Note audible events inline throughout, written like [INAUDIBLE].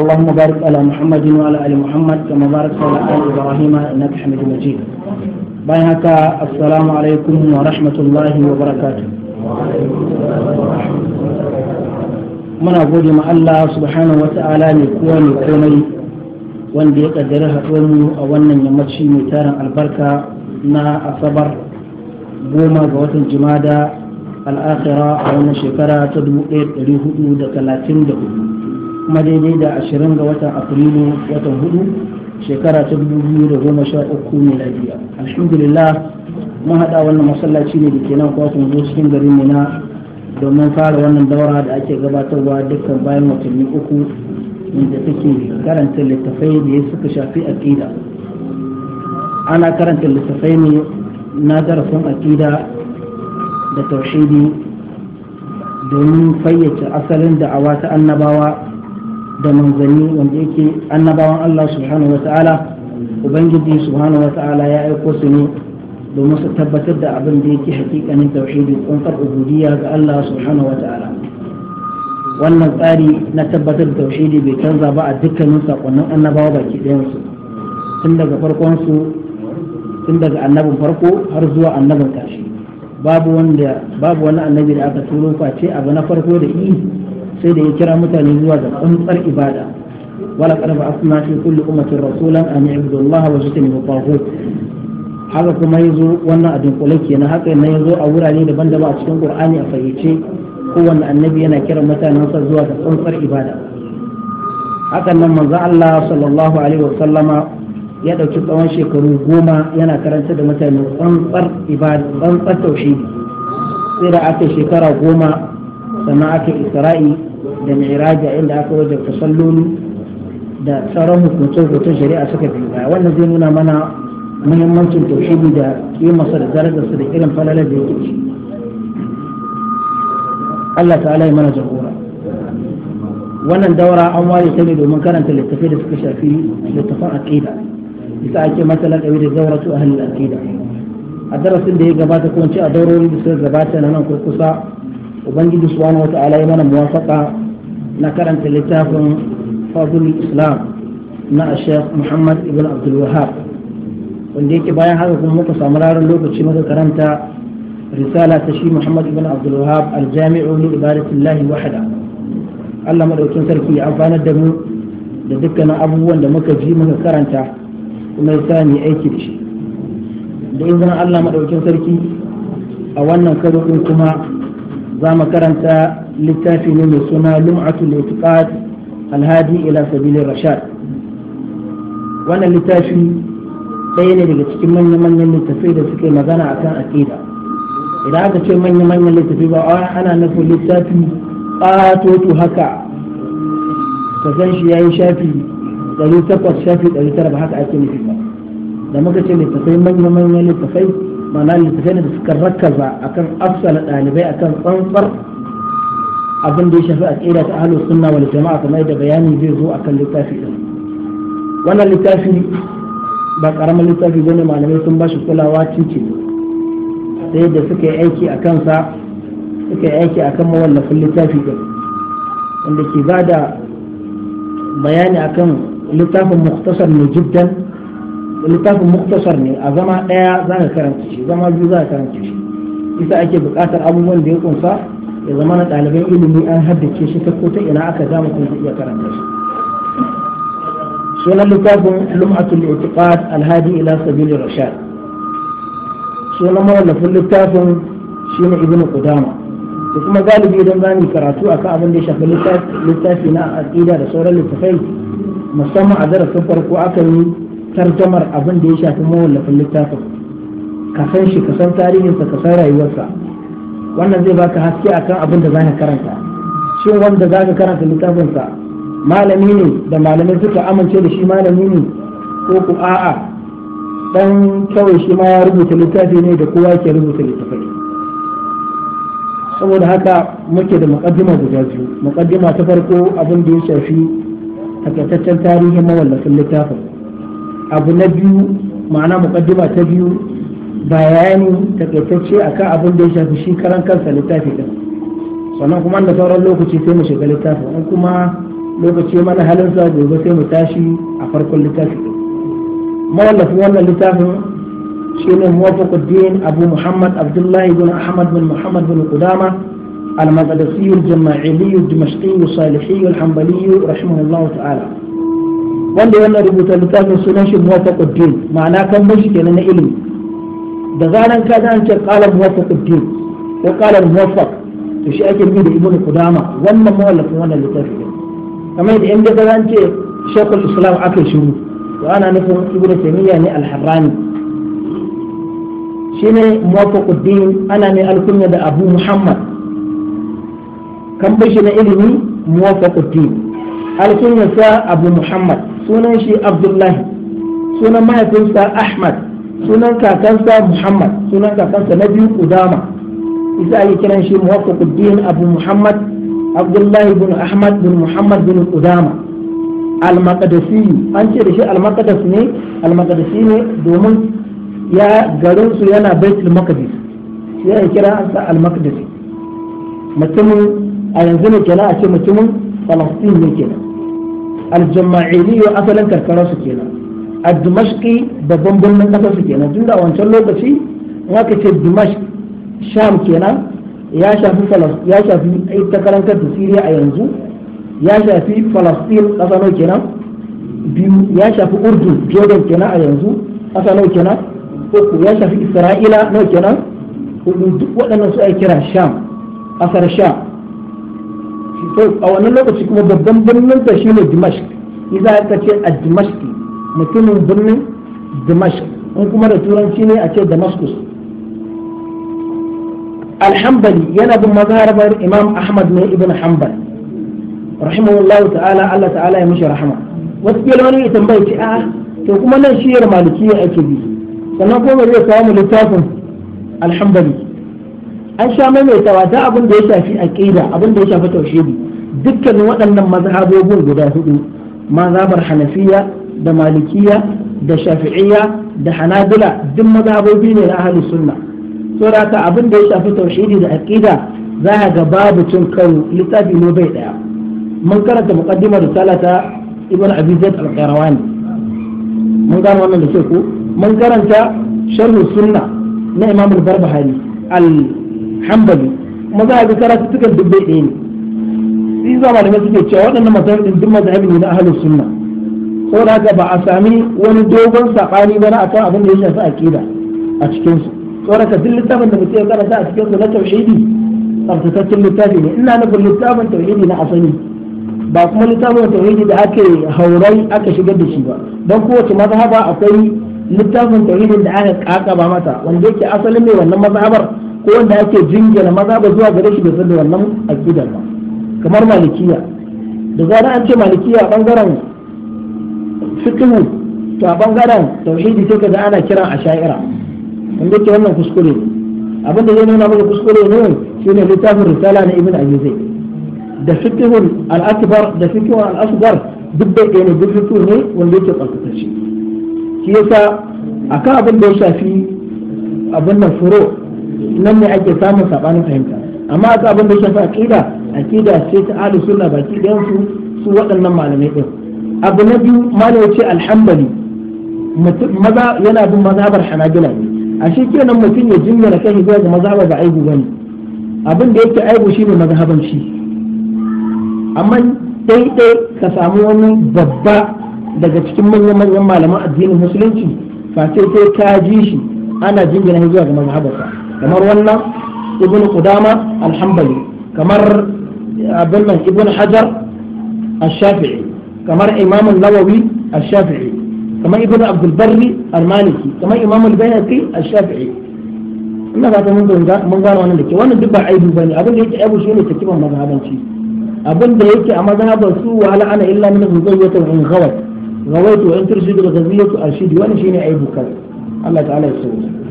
اللهم بارك على محمد وعلى ال محمد كما باركت على ال ابراهيم انك حميد مجيد بينك السلام عليكم ورحمه الله وبركاته muna gode ma Allah subhanahu wa ta'ala ne kowa ne komai wanda ya kaddara haɗuwar mu a wannan yammaci mai tarin albarka na asabar goma ga watan jimada al'akira a wannan shekara ta 1434 madaidai da ashirin ga watan afrilu watan hudu shekara ta dubu biyu da goma sha uku miladiya alhamdulillah mun haɗa wannan masallaci ne da ke nan kwakwun zo cikin garin mina domin fara wannan daura da ake gabatarwa dukkan bayan watanni uku inda take karanta littafai da ya suka shafi aƙida ana karanta littafai ne na darasin aƙida da taushe domin fayyace asalin da'awa ta annabawa da manzanni wanda yake annabawan Allah subhanahu wa ta'ala ubangiji subhanahu wa ta'ala ya aiko su ne domin su tabbatar da abin da yake hakikanin tauhidi kunkar ubudiyya ga Allah subhanahu wa ta'ala wannan tsari na tabbatar da tauhidi bai canza ba a dukkanin sakonnin annabawa baki su tun daga farkon su tun daga annabin farko har zuwa annabin kashi babu wanda babu wani annabi da aka turo face abu na farko da yi sai da ya kira mutane zuwa da tsantsar ibada wala karfa asma fi kulli ummatin rasulan an ya'budu Allah wa yajtanibu taghut haka kuma yazo wannan a dunkule kenan haka ne yazo a wurare daban-daban a cikin Qur'ani a fahimce kowanne annabi yana kiran mutanensa zuwa da tsantsar ibada hakan nan manzo Allah sallallahu alaihi wa sallama ya dauki tsawon shekaru goma yana karanta da mutane tsantsar ibada tsantsar sai da aka shekara goma سماك إسرائي دم عراجة إلا أكو وجب تصلون دا سرمو كنتو كنتو شريعة سكت لها وانا زينونا منا من يمنتم توحيدي دا كيما صدر درجة صدر إلم فلا لدي الله تعالى يمنى جهورا وانا دورا أموالي تجد ومن كانت اللي تفيد سكشا فيه لتفاق أكيدا يسألك مثلا أولي دورة أهل الأكيدا الدرس اللي هي قباتة كونتي أدورو لي قباتة أنا كنت ubangiji subhanahu wata'ala ya mana muwafaqa na karanta littafin fadul islam na Sheikh Muhammad ibn Abdul Wahab wanda yake bayan haka kuma muka samu rarar lokaci muka karanta risala ta shi Muhammad ibn Abdul Wahab al li ibadatillahi wahda Allah madaukin sarki ya amfanar da mu da dukkanin abubuwan da muka ji muka karanta kuma ya sa aiki da shi da izinin Allah madaukin sarki a wannan karo din kuma za mu karanta littafi ne mai suna lum'atul itiqad alhadi ila sabilir rashad wannan littafi ɗaya ne daga cikin manyan manyan littafi da suke magana akan aqida idan aka ce manyan manyan littafi ba ana nufin littafi ƙatoto haka ka san shi yayi shafi ɗari takwas shafi ɗari tara ba haka ake nufi ba da muka ce littafai manyan manyan littafai mana littafai da suka rakaza akan afsala ɗalibai akan tsantsar abin da ya shafi a tsira ta ahlus sunna wal jama'a kamar da bayani zai zo akan littafi din wannan littafi ba karamin littafi ne malamai sun ba shi kulawa cikin sai da suka yi aiki a kansa suka yi aiki akan mawallafin littafi din wanda ke ba da bayani akan littafin muktasar ne jiddan littafin muktasar ne a zama ɗaya za ka karanta shi zama biyu za ka karanta shi isa ake buƙatar abubuwan da ya kunsa ya zama na ɗaliban ilimi an haddace shi ta ko ta ina aka ja mutum iya karanta shi sunan littafin lum'atul i'tiqad alhadi ila sabili rashad sunan mawallafin littafin shine ibnu qudama da kuma galibi idan za mu karatu akan abin da ya shafi littafi na aqida da sauran littafai musamman a darasin farko aka yi tarjamar abin da ya shafi mawallafin littafin ka san shi ka san tarihinsa ka san rayuwarsa wannan zai baka haske akan abin da zaka karanta shin wanda zaka karanta littafinsa malami ne da malamai suka amince da shi malami ne ko ku a'a dan kawai shi ma ya rubuta littafi ne da kowa ke rubuta littafai saboda haka muke da muqaddima guda biyu muqaddima ta farko abin da ya shafi takaitaccen tarihin mawallafin littafin abu na biyu ma'ana mukaddima ta biyu bayani takaitacce akan abin da ya shafi shi karan kansa littafi din sannan kuma da sauran lokaci sai mu shiga littafi in kuma lokaci mana halin sa gobe sai mu tashi a farkon littafi din mawallafin wannan littafin shine muwafaquddin abu muhammad abdullahi bin ahmad bin muhammad bin qudama المقدسي الجماعلي الدمشقي الصالحي الحنبلي رحمه الله تعالى wanda wannan rubuta littafin sunan shi muwafaquddin ma'ana kan bashi kenan na ilimi da zaran ka ji an ce qala muwafaquddin ko qala muwaffaq to shi ake nufi da ibnu qudama wannan mawallafin wannan littafin ne kamar da inda ka zan ce shaykhul islam aka shiru to ana nufin ibnu taymiya ne al-harrani shine muwafaquddin ana mai alkunya da abu muhammad kan bashi na ilimi muwafaquddin alkunya sa abu muhammad sunan shi abdullahi sunan mahaifinsa ahmad sunan kakansa muhammad sunan kakansa na biyu kudama isa ake kiran shi muwaffaquddin abu muhammad abdullahi bin ahmad bin muhammad bin kudama al-maqdisi an ce da shi al-maqdis ne al-maqdisi ne domin ya garin su yana baitul maqdis shi ya kira sa al-maqdisi mutumin a yanzu ne kenan a ce mutumin falastin ne kenan aljama'ili yau asalin karkara su kenan a dimashki babban birnin ƙasar su kenan tun da wancan lokaci in aka ce Dimash sham kenan ya shafi ya shafi ita karantar da siriya a yanzu ya shafi falastin kasa nau kenan biyu ya shafi urdu jordan kenan a yanzu kasa nau kenan uku ya shafi isra'ila nau kenan hudu duk waɗannan su a kira sham ƙasar sham to a wannan lokaci kuma babban birnin ta ne dimashq idan aka ce a dimashq mutumin birnin dimashq in kuma da turanci ne a ce damascus alhambali yana bin mazharabar imam ahmad ne ibn hanbal rahimahullahu ta'ala allah ta'ala ya mishi rahama wasu wani ya bai ce a'a to kuma nan shiyar malikiya ake bi sannan kuma zai samu littafin alhambali an sha maimaitawa ta abin da ya shafi aqida abin da ya shafi tauhidi dukkanin waɗannan mazhabobin guda hudu mazhabar hanafiya da malikiya da shafi'iyya da hanabila duk mazhabobi ne na ahlus sunna saboda abin da ya shafi tauhidi da aqida za a ga babu cin karo littafi ne bai daya mun karanta muqaddimar risala ta ibn abi al-qarawani mun gano wannan da ke ko mun karanta sharh sunna na imam al-barbahari al hambali maza za a ga karatuttukan duk ɗaya ne sai za malamai suke cewa waɗannan mazhabin duk mazhabi ne na ahlus sunna saboda haka ba a sami wani dogon saɓani ba na akan abin da ya shafi aqida a cikin su saboda ka duk littafin da mutum ya karanta a cikin su na tauhidi tsaftataccen littafi ne ina nufin littafin tauhidi na asali ba kuma littafin tauhidi da ake haurai aka shigar da shi ba don kowace mazhaba akwai littafin tauhidin da aka kakaba mata wanda yake asalin mai wannan mazhabar ko wanda ake jingina maza ba zuwa gare shi bai san da wannan aqidar ba kamar malikiya da zara an ce malikiya a bangaren fiqh to a bangaren tauhidi sai kaga ana kiran asha'ira wanda ke wannan kuskure ne abin da zai nuna maka kuskure ne shine littafin risala na ibn abi zaid da fitihun al-akbar da fitihun al-asghar duk da ne duk fiqh ne wanda yake tsaftace shi yasa akan abin da ya shafi abin nan furo nan ne ake samun sabanin fahimta amma aka abin da shafa akida aqida ce ta ahli sunna baki ɗayan su su waɗannan malamai ɗin abu na biyu malamai ce alhambali maza yana bin mazhabar hanabila ne ashe kenan mutum ya jinyara kai zuwa ga mazhabar ba aibu ne abin da yake aibu shine mazhaban shi amma dai ka samu wani babba daga cikin manyan manyan malaman addinin musulunci fa sai sai ka ji shi ana jingina zuwa ga mazhabarsa kamar wannan ibn qudama al-hanbali kamar eh, abin nan ibn hajar al-shafi'i kamar imam an-nawawi al-shafi'i kamar ibn abdul barri al-maliki kamar imam al-bayhaqi al-shafi'i ina ba ta mun mun gano wannan da ke wannan duk ba aibu bane abin da yake aibu shine takiban mazhabanci abin da yake a mazhaban su wa ana illa min ghawiyati wa in ghawat ghawaitu wa in turshidu ghawiyatu arshidi wannan shine aibu kan Allah ta'ala ya sauya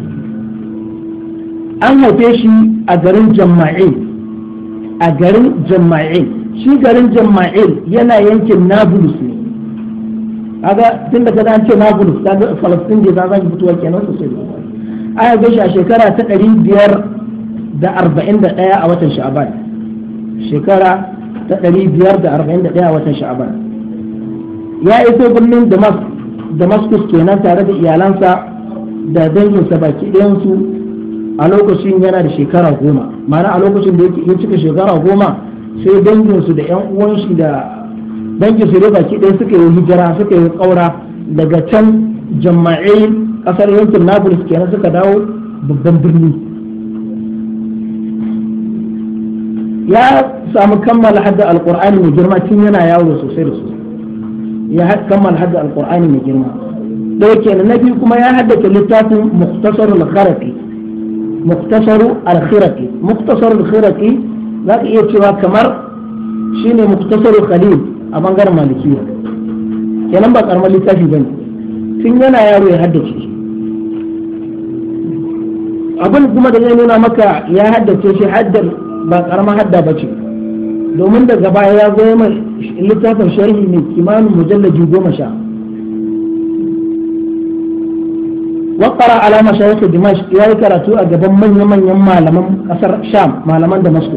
an haife shi a garin jama'in a garin jama'in shi garin jama'in yana yankin nablus ne kaga tun da kada an ce nablus kaga falastin da za su fitowa kenan sosai a haife shi a shekara ta ɗari biyar da arba'in da ɗaya a watan sha'aban shekara ta ɗari biyar da arba'in da ɗaya a watan sha'aban ya iso birnin damascus kenan tare da iyalansa da danginsa baki ɗayansu a lokacin yana da shekara goma mana a lokacin da ya cika shekara goma sai danginsu da yan uwanshi da dangin su dai baki ɗaya suka yi hijira suka yi ƙaura daga can jama'ai ƙasar yankin Naples kenan suka dawo babban birni ya samu kammala hadda alƙur'ani mai girma tun yana yawo sosai da sosai ya kammala hadda alƙur'ani mai girma ɗaya kenan na biyu kuma ya haddace littafin muktasarul kharafi muktasaru al-khiraqi muktasaru iya cewa kamar shine muktasaru khalil a bangaren malikiya kenan ba karamar littafi bane tun yana yaro ya haddace shi abin kuma da zai nuna maka ya haddace shi haddar ba karamar hadda ba ce domin daga baya ya zo mai littafin sharhi mai kimanin mujallaji goma sha وقرأ على مشايخ دمشق يا كراتو أجبان من يمن يما لمن أثر شام ما لمن دمشق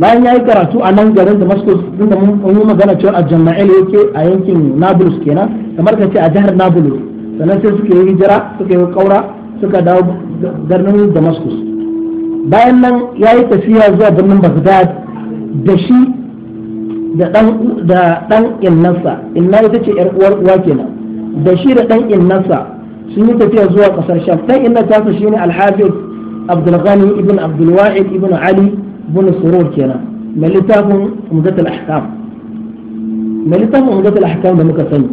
bayan ya yi karatu a nan garin damascus inda mun yi magana cewa a jama'il yake a yankin nablus kenan kamar ka ce a jihar nablus sannan sai suka yi hijira suka yi kaura suka dawo birnin damascus bayan nan ya yi tafiya zuwa birnin bagdad da shi da dan innansa inna ita ce yar uwar uwa kenan da shi da dan innansa sun yi tafiya zuwa kasar sham dan inna ta su shine al ibn abdul ibn ali ibn surur kenan mai littafin umdatul ahkam mai littafin ahkam da muka sani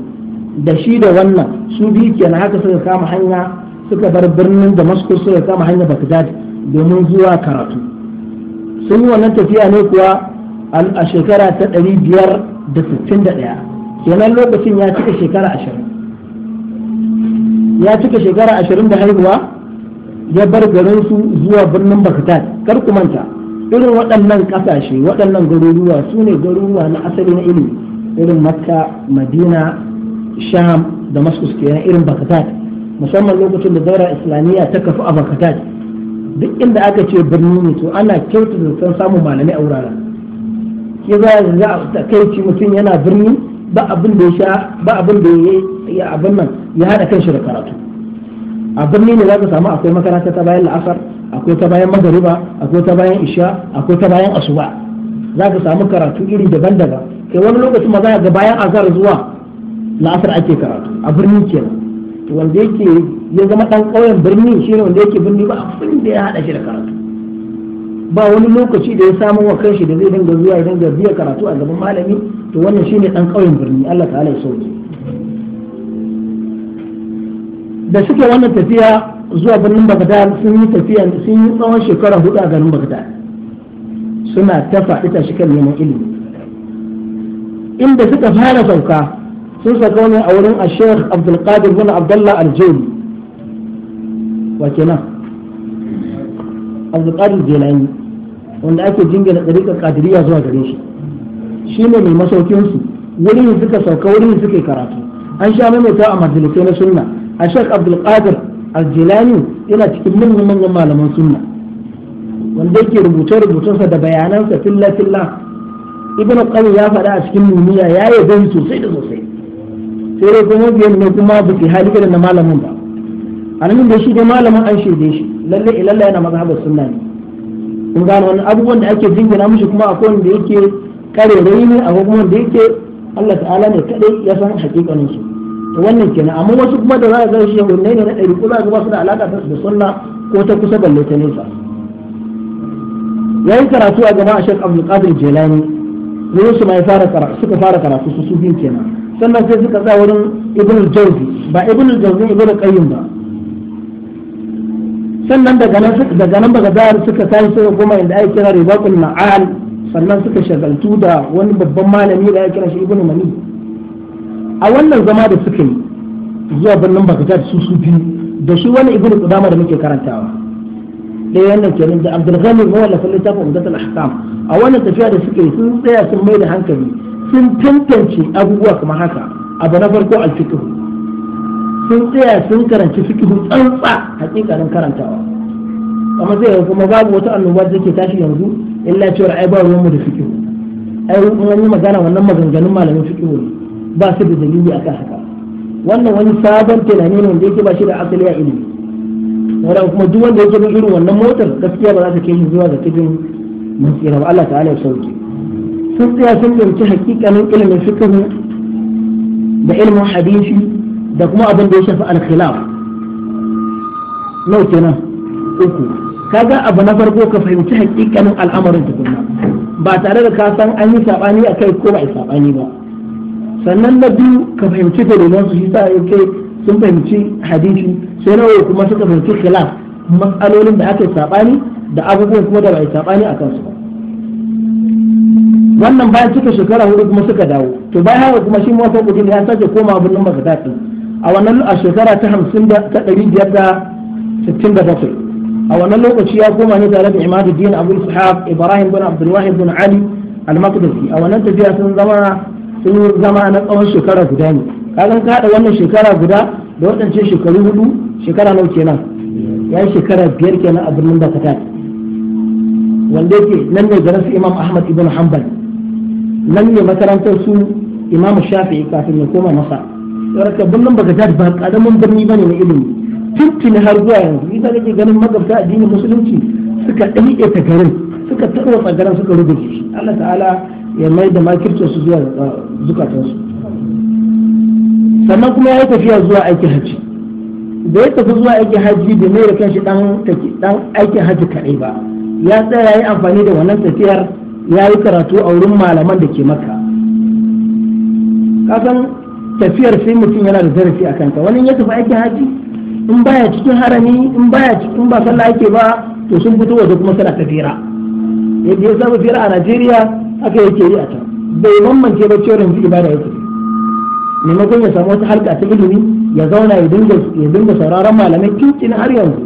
da shi da wannan su biyu kenan haka suka kama hanya suka bar birnin damascus suka kama hanya bagdad domin zuwa karatu sun yi wannan tafiya ne kuwa a shekara ta 561 kenan lokacin ya cika shekara ashirin ya cika shekara ashirin da haihuwa ya bar garinsu zuwa birnin bagdad kar ku manta irin waɗannan ƙasashe waɗannan garuruwa su ne garuruwa na asali na ilimi irin makka madina sham damascus ke irin bagdad musamman lokacin da daura islamiyya ta kafu a bagdad duk inda aka ce birni ne to ana kyautata san samun malamai a wuraren ke za a takaici mutum yana birni ba abin da ya sha ba abin da ya abin nan ya haɗa kan shi da karatu a birni ne za ka samu akwai makaranta ta bayan la'asar akwai ta bayan magariba akwai ta bayan isha akwai ta bayan asuba za ka samu karatu iri daban-daban kai wani lokacin ma za ga bayan azhar zuwa la'asar ake karatu a birni kenan wanda yake ya zama dan ƙauyen birni shi ne wanda yake birni ba abin da ya haɗa shi da karatu ba wani lokaci da ya samu wa kanshi da zai dinga zuwa idan dinga biya karatu a gaban malami to wannan shine dan kauyen birni Allah ta'ala ya sauke da suke wannan tafiya zuwa birnin Baghdad sun yi tafiya sun yi tsawon shekara hudu a garin Baghdad suna ta faɗi ta kan neman ilimi inda suka fara sauka sun sauka wani a wurin Ashir Abdul Qadir bin Abdullah Al-Jawli wa kenan abdulkadir jelani wanda ake jingina kadiri kadiriya zuwa gare shi shi ne mai masaukinsu wurin suka sauka wurin suka yi karatu an sha maimaita a majalisai na sunna a shek abdulkadir aljilani yana cikin manyan manyan malaman sunna wanda yake rubuce-rubucensa da bayanansa filla-filla ibn qayyim ya faɗa a cikin muniya ya yi sosai da sosai sai dai kuma biyan ne kuma ba hali halika da na malamin ba annabin da shi dai malamin an shirye shi lalle ilalla eh, yana mazhabar sunna ne kun gano wannan abubuwan da ake jingina mishi kuma akwai wanda yake karerai ne a kuma da yake Allah ta'ala ne kadai ya san hakikanin shi to wannan kenan amma wasu kuma da za a ga shi wannan ne na ɗari ko za ga su da alaka da sunna ko ta kusa balle ta nesa yayi karatu a gaba a Sheikh Abdul Qadir Jilani wurin su mai fara karatu suka fara karatu su su biyu kenan sannan sai suka tsaya wurin Ibn Jawzi ba Ibn Jawzi ba kayyin ba sannan daga nan daga nan Baghdad suka tashi suka goma inda ake kira Ribaqul Ma'al sannan suka shagaltu da wani babban malami da ake kira shi Mani a wannan zama da suka yi zuwa birnin Baghdad su su biyu da shi wani Ibn Qudama da muke karantawa da wannan kenan da Abdul Ghani mawallafin littafin al Ahkam a wannan tafiya da suka yi sun tsaya sun mai da hankali sun tantance abubuwa kamar haka abu na farko al-fiqh sun tsaya sun karanci fiqhu tsantsa hakikanin karantawa amma sai kuma babu wata annoba da take tashi yanzu illa cewa ai ba ruwanmu da fiqhu ai mun magana wannan maganganun malamin fiqhu ne ba su da dalili akan haka wannan wani sabon tunani ne wanda yake ba shi da asali a ilimi wanda kuma duk wanda yake bin irin wannan motar gaskiya ba za ta kai shi zuwa ga tudun mun tsira ba Allah ta'ala ya sauke sun tsaya sun ɗauki hakikanin ilimin fiqhu da ilimin hadisi da kuma abin da ya shafi al nau kenan uku ga abu na farko ka fahimci hakikanin al'amarin tukunna ba tare da ka san an yi sabani a kai ko ba a sabani ba sannan na biyu ka fahimci dalilan su shi sa yake sun fahimci hadisi sai na kuma suka fahimci khilaf matsalolin da aka yi sabani da abubuwan kuma da ba a sabani a kansu ba wannan bayan cika shekara hudu kuma suka dawo to bayan haka kuma shi mawafa ne ya sake koma abin nan baka daɗi a wannan a shekara ta hamsin da ta ɗari biyar da sittin da bakwai a wannan lokaci ya koma ne tare da imadu din abul sahab ibrahim bin abdulwahid bin ali al-maqdisi a wannan tafiya sun zama sun zama na tsawon shekara guda ne kagan ka haɗa wannan shekara guda da waɗancan shekaru hudu shekara nau kenan ya yi shekara biyar kenan a birnin dakatar wanda yake nan ne garin su imam ahmad ibn hanbal nan ne makarantar su imam shafi'i kafin ya koma masa saboda birnin Baghdad ba karamin birni ba ne na ilimi tuntuni har zuwa yanzu ita nake ganin magabta addinin musulunci suka ɗaiɗe ta garin suka tarwa garin suka rubuce shi Allah ta'ala ya mai da makircin su zuwa uh, zukatansu sannan kuma ya yi tafiya zuwa aikin hajji da ya tafi zuwa aikin hajji da mai da kanshi dan aikin hajji kaɗai ba ya tsaya ya yi amfani da wannan tafiyar ya yi karatu a wurin malaman da ke maka kasan tafiyar sai mutum yana da zarafi a kanta wani ya tafi aikin haji in baya cikin harami in baya cikin ba sallah ake ba to sun fito waje kuma suna tafira yadda ya saba fira a Najeriya aka yake yi a can bai mamance ba cewa yanzu ibada yake maimakon ya samu wata harka ta ilimi ya zauna ya dinga ya dinga sauraron malamai kincin har yanzu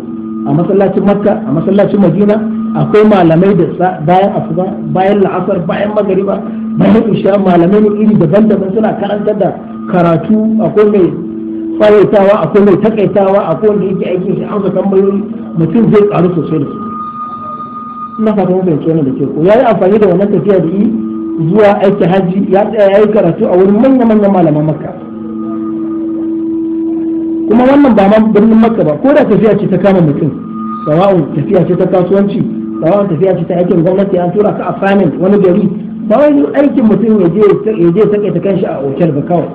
a masallacin Makka a masallacin Madina akwai malamai da bayan asuba bayan la'asar bayan magariba bayan isha malamai iri daban-daban suna karantar da karatu akwai mai tsawaitawa akwai mai takaitawa akwai wanda yake aiki shi amsa tambayoyi mutum zai karu sosai da su ina fata mun fahimci wannan da ke ko yi amfani da wannan tafiya da yi zuwa aiki haji ya tsaya ya yi karatu a wurin manya-manyan malaman makka kuma wannan ba ma birnin makka ba ko da tafiya ce ta kama mutum sawa'un tafiya ce ta kasuwanci tsawon tafiya ce ta aikin gwamnati an tura ka famin wani gari ba wani aikin mutum ya je ya je sake ta kanshi a otal ba kawai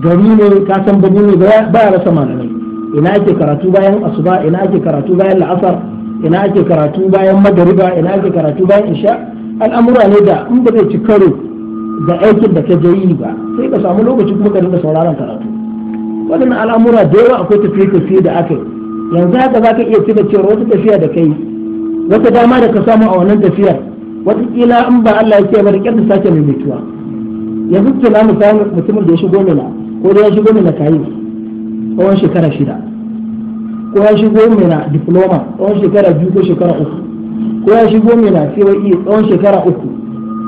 gari ne ka san bani ne ba ya rasa malamai ina ake karatu bayan asuba ina ake karatu bayan la'asar ina ake karatu bayan magariba ina ake karatu bayan isha al'amura ne da in ba zai ci karo da aikin da ka je yi ba sai ka samu lokaci kuma ka dinga sauraron karatu wadannan al'amura da yawa akwai tafiye-tafiye da aka yanzu haka za ka iya tuna cewa wata tafiya da kai wata dama da ka samu a wannan tafiyar watakila in ba Allah ya ce ba da sake mai mutuwa yanzu na musamman mutumin da ya shigo mina ko da ya shigo mina kayi tsawon shekara shida ko ya shigo mina diploma tsawon shekara biyu ko shekara uku ko ya shigo mina COE tsawon shekara uku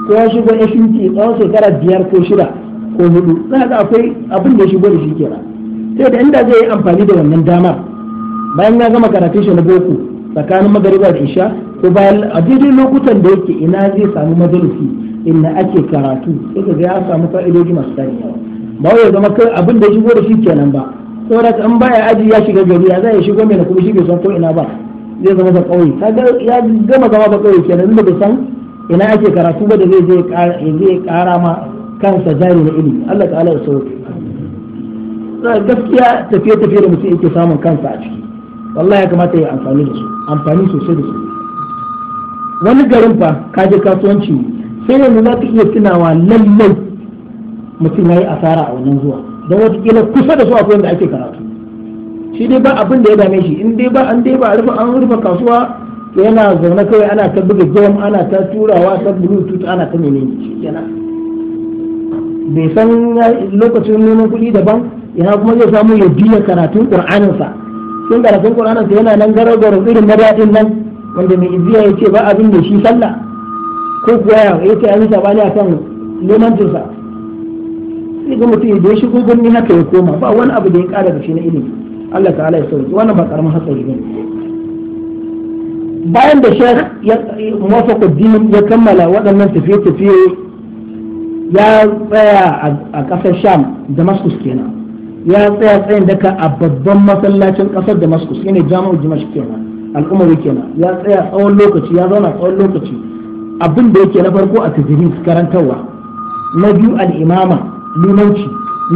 ko ya shigo SUT tsawon shekara biyar ko shida ko hudu za ga akwai abin da ya shigo da shi kenan sai da inda zai yi amfani da wannan damar bayan ya gama karatun shi na boko tsakanin magariba da isha ko bayan a daidai lokutan da yake ina zai samu majalisi inda ake karatu sai ga ya samu fa'idoji masu tsari yawa ba wai zama kai abin da shigo da shi kenan ba da an baya aji ya shiga gari ya zai shigo mai na kuma shi bai san ko ina ba zai zama da kauye kaga ya gama zama ba kauye kenan inda bai san ina ake karatu ba da zai je zai kara ma kansa jari na ilimi Allah ta'ala ya sauke gaskiya tafiye-tafiye da mutum yake samun kansa a ciki wallahi ya kamata ya amfani da su amfani sosai da su wani garin fa ka kasuwanci sai yanzu za ka iya tunawa lallai mutum ya yi asara a wannan zuwa don watakila kusa da su akwai wanda ake karatu shi dai ba abin da ya dame shi in dai ba an dai ba a rufe an rufe kasuwa yana zaune kawai ana ta buga jam ana ta turawa ta bluetooth ana ta menene shi bai san lokacin neman kuɗi daban ina kuma zai samu ya biya karatun ƙur'aninsa sun karatun Qur'anin sa yana nan garo irin na daɗin nan wanda mai izziya ya ce ba abin da shi sallah ko kuwa ya ce an sabani akan limancin sa sai ga mutum da ya shigo birni haka ya koma ba wani abu da ya ƙara da shi na ilimi Allah ta'ala ya sauki wannan ba karamin hatsari gani bayan da Sheikh dinin ya kammala waɗannan tafiye-tafiye ya tsaya a ƙasar Sham Damascus kenan ya tsaya tsayin daka a babban masallacin kasar damascus shine jami'ar dimash kenan al'umari kenan ya tsaya tsawon lokaci ya zauna tsawon lokaci abin da yake na farko a tajiri karantarwa na biyu al'imama limanci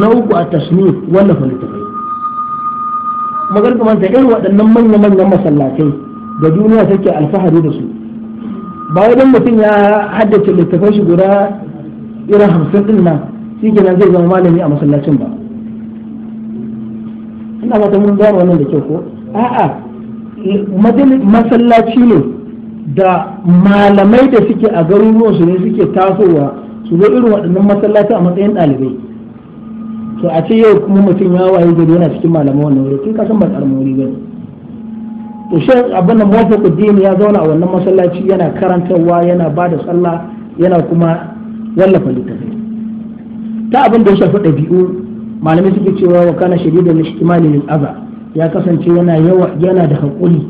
na uku a tasnif wallafa littafai magar kuma ta irin waɗannan manya-manyan masallatai da duniya take alfahari da su ba wai mutum ya haddace littafai shi guda irin hamsin din nan shi kenan zai zama malami a masallacin ba ina ba ta mun gano wannan da kyau ko a'a masallaci ne da malamai da suke a garuruwan su ne suke tasowa su zo irin waɗannan masallaci a matsayin ɗalibai to a ce yau kuma mutum ya waye gari yana cikin malamai wannan wuri kin san ba karamin wuri to shi abin da muwafaquddin ya zauna a wannan masallaci yana karantarwa yana ba da sallah yana kuma wallafa littafi ta abin da ya shafi ɗabi'u malamai suke cewa wa kana da ihtimali lil aza ya kasance yana yawa yana da hakuri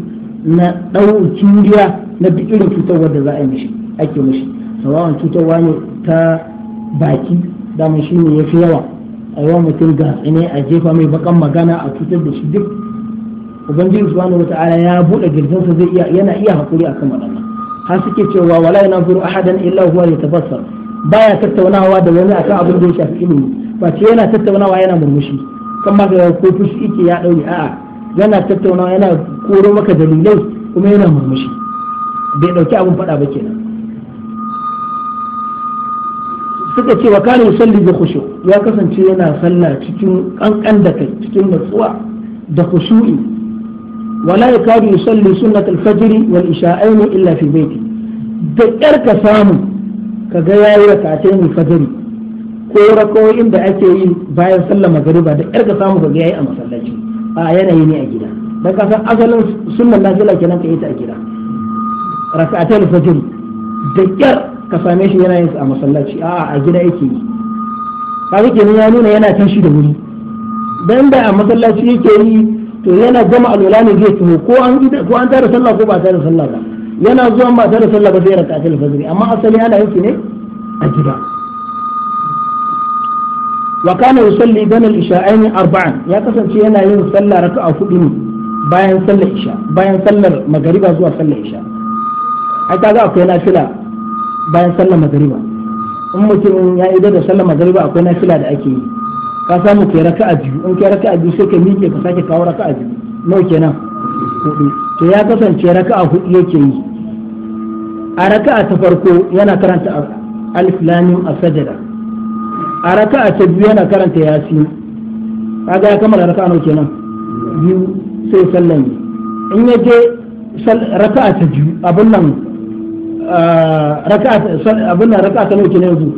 na dau juriya na duk irin cutarwar da za a yi mishi ake mishi sawawan cutarwa ne ta baki daman shi ne yafi yawa a yawan mutum ga ne a jefa mai bakan magana a cutar da shi duk ubangiji subhanahu wata'ala ya buɗe girjinsa zai iya yana iya hakuri kan wadannan har suke cewa wala yanzuru ahadan illa huwa yatabassar baya tattaunawa da wani akan abin da ya shafi ilimi ba ce yana tattaunawa yana murmushi kan ma ga ko fushi yake ya daure a'a yana tattaunawa yana koro maka dalilai kuma yana murmushi bai dauki abin fada ba kenan suka ce wa kana yusalli bi khushu ya kasance yana sallah cikin kankan da kai cikin nutsuwa da khushu'i wala yakadu yusalli sunnat al-fajr wal isha'ain illa fi baiti da ka samu Ka ga yayi rak'atayn al fajiri ko rakawoyin inda ake yi bayan sallar magariba da yar ka samu ga yayi a masallaci a yanayi ne a gida dan ka san asalin sunnan nafila kenan ka yi ta a gida rak'atayn fajr da yar ka same shi yana yin a masallaci a a gida yake yi ga kenan ya nuna yana tashi da wuri dan da a masallaci yake yi to yana gama alwala ne zai tuho ko an ko an tare sallah ko ba tare sallah ba yana zuwa ba tare da sallah ba sai raka'a ta fajr amma asali ana yin ne a gida wa kana yusalli bana al-isha'ain arba'an ya kasance yana yin sallah raka'a hudu ne bayan sallar isha bayan sallar magariba zuwa sallar isha ai kaga akwai nafila bayan sallar magariba in mutum ya ido da sallar magariba akwai nafila da ake yi ka samu kai raka'a biyu in kai raka'a biyu sai ka miƙe ka sake kawo raka'a biyu nawa kenan hudu to ya kasance raka'a hudu yake yi a raka'a ta farko yana karanta alif lamim as a raka'a ta biyu yana karanta yasin kaga ya kammala raka'a nawa kenan biyu sai sallan in ya je raka'a ta biyu abin nan raka'a abin nan raka'a ta nawa kenan yanzu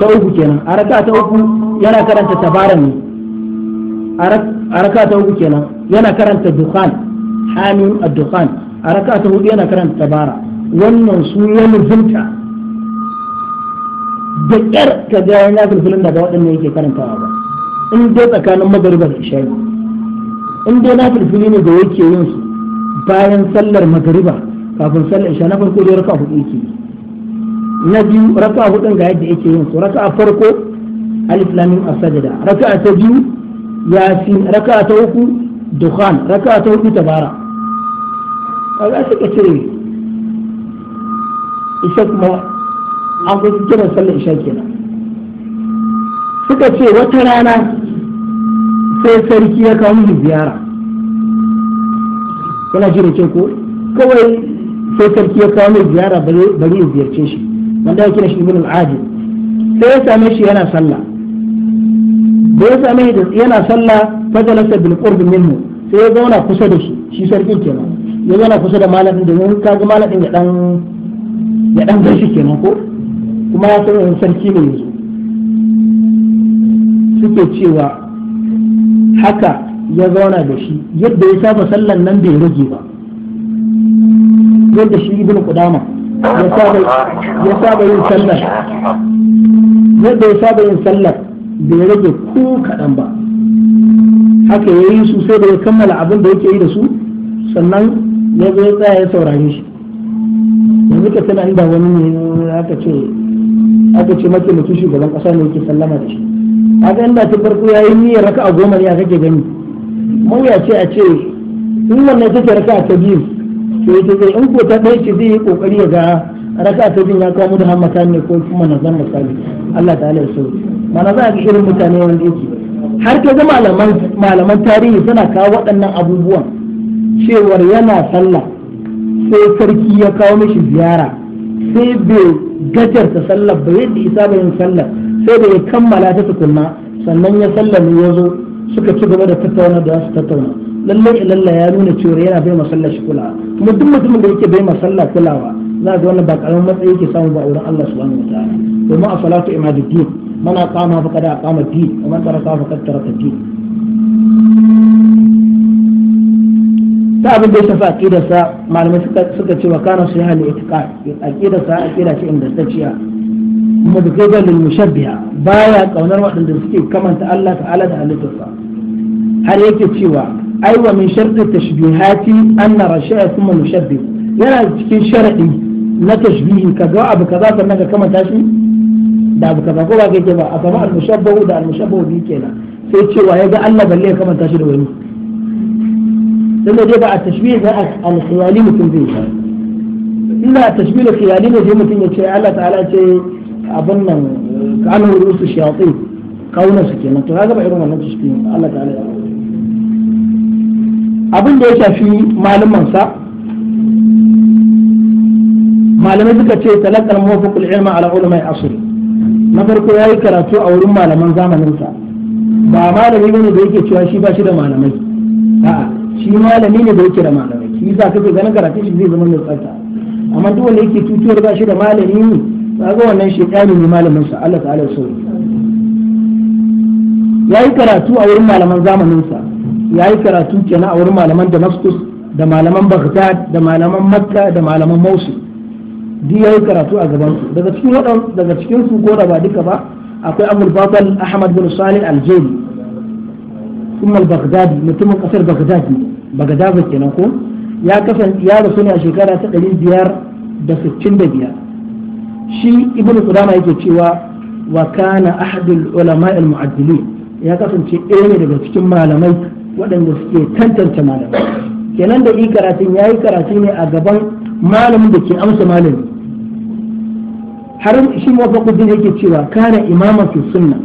ta uku kenan a raka'a ta uku yana karanta tabaran ne a raka'a ta uku kenan yana karanta dukhan hamim ad a raka ta hudu yana karanta tabara wannan su ya nufinta da ƙyar ka ga yana filfilin da ba waɗannan yake karantawa ba in dai tsakanin magariba da ne in dai na filfili ne da yake yin su bayan sallar magariba kafin sallar isha na farko dai raka hudu yake na biyu raka hudun ga yadda yake yin su raka farko alif lamim asajada raka ta biyu yasin raka ta uku dukhan raka ta hudu tabara kaga suka cire isha kuma an kusa kiran sallar isha kenan suka ce wata rana sai sarki ya kawo mu ziyara kuna ji da ke ko kawai sai sarki ya kawo mu ziyara bari ya ziyarce shi wanda ya kira shi ibn al-adi sai ya same shi yana sallah da ya same da yana sallah fajalasa bil qurb minhu sai ya zauna kusa da shi shi sarkin kenan ya zauna kusa da malamin domin kaga malamin ya dan ya dan gashi kenan ko kuma ya san sarki ne yanzu suke cewa haka ya zauna da shi yadda ya saba sallan nan bai rage ba yadda shi ibn qudama ya saba ya saba yin sallar yadda ya saba yin sallah. bai rage ko kaɗan ba haka ya yi su sai da ya kammala abin da yake yi da su sannan ya zo ya tsaya ya saurari shi yanzu ka tana inda wani ne aka ce aka ce mataimakin shugaban ƙasa ne yake sallama da shi a ga inda ta farko ya yi niyyar raka a goma ne a kake gani ce a ce in wannan take raka ta biyu to ita zai in ko ta ɗaya ce zai yi ƙoƙari ya ga raka ta biyu ya kawo mu da hammata ne ko kuma na zan misali Allah ta'ala ya sauki. mana za a ga irin mutane wanda yake har ka ga malaman tarihi suna kawo waɗannan abubuwan cewar yana sallah sai sarki ya kawo mishi ziyara sai bai gajarta sallar ba yadda isa bai yin sallar sai da ya kammala ta tukunna sannan ya ne ya zo suka ci gaba da tattauna da su tattauna lallai ilalla ya nuna cewar yana bai masallar shi kulawa kuma duk mutumin da yake bai masallar kulawa za ga wannan ba karamin matsayi yake samu ba wurin Allah subhanahu wataala domin a salatu imaduddin من أقام فقد أقام الدين ومن تركه فقد ترك الدين ta abin da ya shafi sa malamai suka ce wa kana su hali itiqad aqidarsa aqida ce inda ta ciya mudghidan lil mushabbiha baya kaunar waɗanda suke kamanta Allah ta'ala da halittarsa har yake cewa ai wa min shartu tashbihati anna rasha'a thumma mushabbih yana cikin sharadi na tashbihi kaga abu kaza sannan ka kamanta shi da abu kaza ko ba kai ke ba a kama al-mushabbahu da al-mushabbahu bi kenan sai cewa ya ga Allah balle ya kamanta shi da wani dan da ba a tashbih da al-khiyali mutum zai ta illa tashbih da khiyali ne mutum ya ce Allah ta'ala ce abin nan kanu rusu shayatin kauna su kenan to kaga ba irin wannan tashbih Allah ta'ala ya abin da ya shafi malaman sa malamai suka ce talakar muwafiqul ilma ala ulama'i asiri na farko ya yi karatu a wurin malaman zamaninsa ba malami ne da yake cewa shi ba shi da malamai a'a shi malami ne da yake da malamai shi za ka ganin karatun shi zai zama mai tsarta amma duk wanda yake tutuwar ba shi da malami ne ga wannan shekani ne malamin sa Allah ta'ala ya sauri. ya yi karatu a wurin malaman zamaninsa ya yi karatu kenan a wurin malaman Damascus da malaman Baghdad da malaman Makka da malaman Mosul duk yayi karatu a gaban su daga cikin wadan daga cikin su ko da ba duka ba akwai Abdul Batal Ahmad bin Salih Al-Jayli kuma Baghdadi mutumin kasar Baghdadi Baghdadi kenan ko ya kasance ya rasu ne a shekara ta 565 shi Ibn Qudama yake cewa wa kana ahadul ulama al ya kasance ɗaya ne daga cikin malamai waɗanda suke tantance malamai kenan da yi karatun yayi karatu ne a gaban malamin da ke amsa malami har shi mafakuddin yake cewa kana imama fi sunna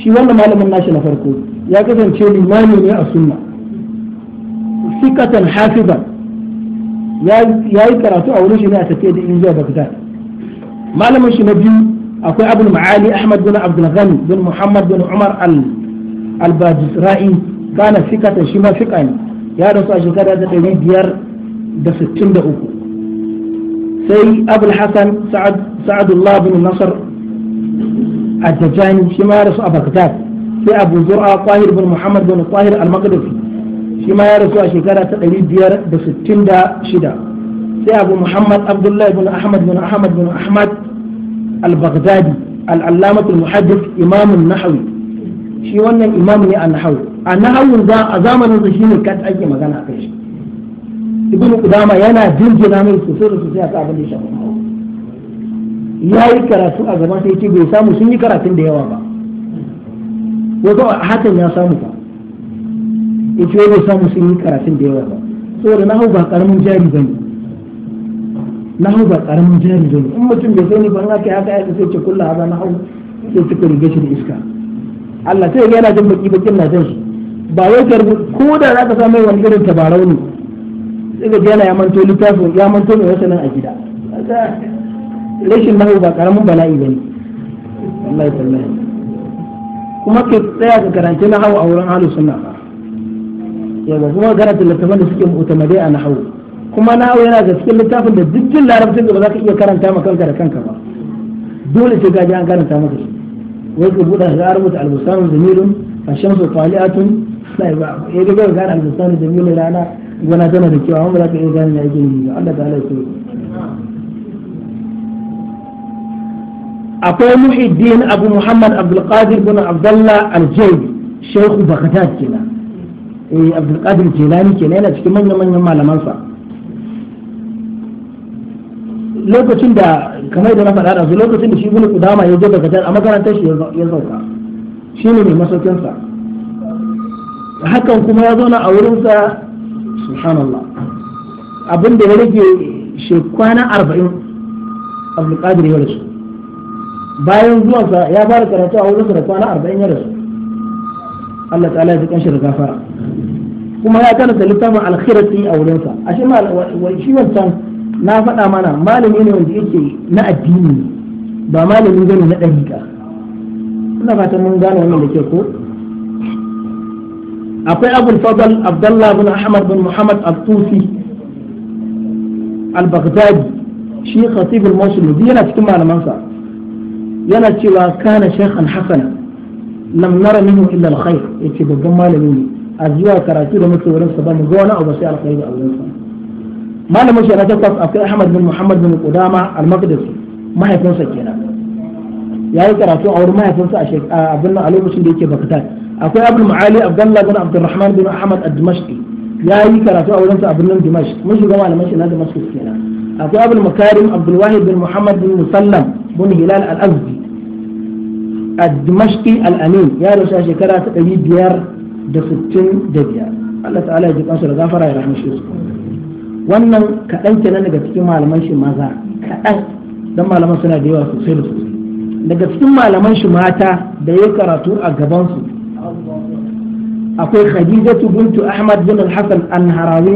shi wannan malamin nashi na farko ya kasance limami ne a sunna sikatan hafiza ya yi karatu a wurin shi ne a tafiya da zuwa bagdad malamin shi na biyu akwai abul ma'ali ahmad bin abdul bin muhammad bin umar al-bajisra'i kana sikatan shi ma fika ne ya rasu a shekara ta ɗari biyar da sittin da uku sai abulhassan hasan sa'adullah bin nasar a tajani shi ma ya rasu a bagdad sai abu zur'a qahir bin muhammad bin qahir al-maqdisi shi ma ya rasu a shekara ta 566 sai abu muhammad abdullahi bin ahmad bin ahmad bin ahmad al-baghdadi al-allamah al-muhaddith imam an shi wannan imam ne an-nahwi an-nahwi a zamanin sa shine kad ake magana kai shi ibn qudama yana jinjina mai sosai da sosai a abin da ya shafi ya yi karatu a gaban sai ce bai samu sun yi karatun da yawa ba wato hakan ya samu ba ya ce bai samu sun yi karatun da yawa ba saboda na hau ba karamin jari ba ne na hau ba karamin jari ba ne in mutum bai sani ba haka ya kai sai ce kulla ba na hau sai cika riga shi da iska Allah sai yana jin baki bakin na jan shi ba wai ko da za ka samu wani irin tabarau ne sai ya manto littafin ya manto nan a gida ne wallahi tallahi kuma ke tsaya ka karanci nahu a wurin ahlus sunna yawa kuma karanta littafin da suke mutamadai a nahu kuma nahu yana da cikin littafin da dukkan jin larabcin da ba za ka iya karanta ma kanka da kanka ba dole sai ka ji an karanta maka shi wai ka buɗa ga rubuta al zamirun fa shamsu taliatun sai ba ya ga ga al zamirun rana yana tana da kyau amma ba za ka iya gane ya yake yi Allah ta halaye kyau akwai muhiddin abu muhammad abdulkadir bin abdullah aljai shehu bakatat kenan eh abdulkadir kelani kenan yana cikin manya manyan malamansa lokacin da kamar da na faɗa da su lokacin da shi ibn kudama ya zo daga a makarantar shi ya sauka shi ne mai masaukinsa hakan kuma ya zauna a wurinsa subhanallah abin da ya rage shekwana arba'in abdulkadir ya rasu bayan sa ya fara karatu a sa da kwana arba'in ya rasu Allah ta'ala ya kanshi da gafara kuma ya karanta littafin alkhirati a sa a shi shi wancan na faɗa mana malami ne wanda yake na addini ba malami gani na ɗariƙa ina fatan mun gane wannan da ke ko akwai abul fadl abdullah bin ahmad bin muhammad al-tusi al-baghdadi shi khatib al-mosul yana cikin malamansa yana cewa kana shaykhan hasana lam nara minhu illa al-khair yace babban malami ne a zuwa karatu da muke wurin sa ba mu ga wani abu sai alkhairi a wurin sa malamin shi na takwas akwai ahmad bin muhammad bin qudama al-maqdisi mahaifinsa kenan yayi karatu a wurin mahaifinsa a abin nan a lokacin da yake baghdad akwai abul ma'ali abdullah bin abdurrahman bin ahmad ad-dimashqi ya yi karatu a wurinsa a birnin dimash mun shiga malaman shi na damascus kenan akwai abul makarim bin muhammad bin musallam bin hilal al-azdi ad-dimashqi al-amin ya rasu a shekara ta ɗari biyar da sittin da biyar Allah ta'ala ya ji kansu da gafara ya rahmi shi wannan kaɗan kenan daga cikin malaman shi maza kaɗan dan malaman suna da yawa sosai da sosai daga cikin malaman shi mata da ya karatu a gabansu akwai khadijatu bintu ahmad bin al-hasan an-naharawi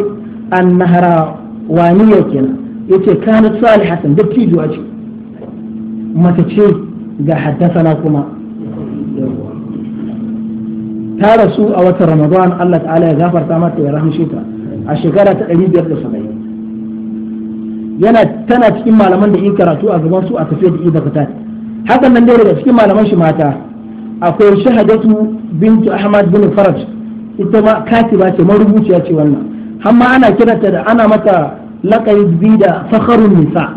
an-nahrawaniya kenan yace hasan salihatan dattijuwa ce mace ce ga haddasana kuma ta rasu a watan ramadan Allah ta'ala ya gafarta mata ya rahmshe ta a shekara ta 570 yana tana cikin malaman da in karatu a gaban su a tafiya da idakatat hakan nan dai daga cikin malaman shi mata akwai shahadatu bintu ahmad bin faraj ita ma katiba ce marubuciya ce wannan amma ana kiranta da ana mata laƙayi bi da fakharun nisa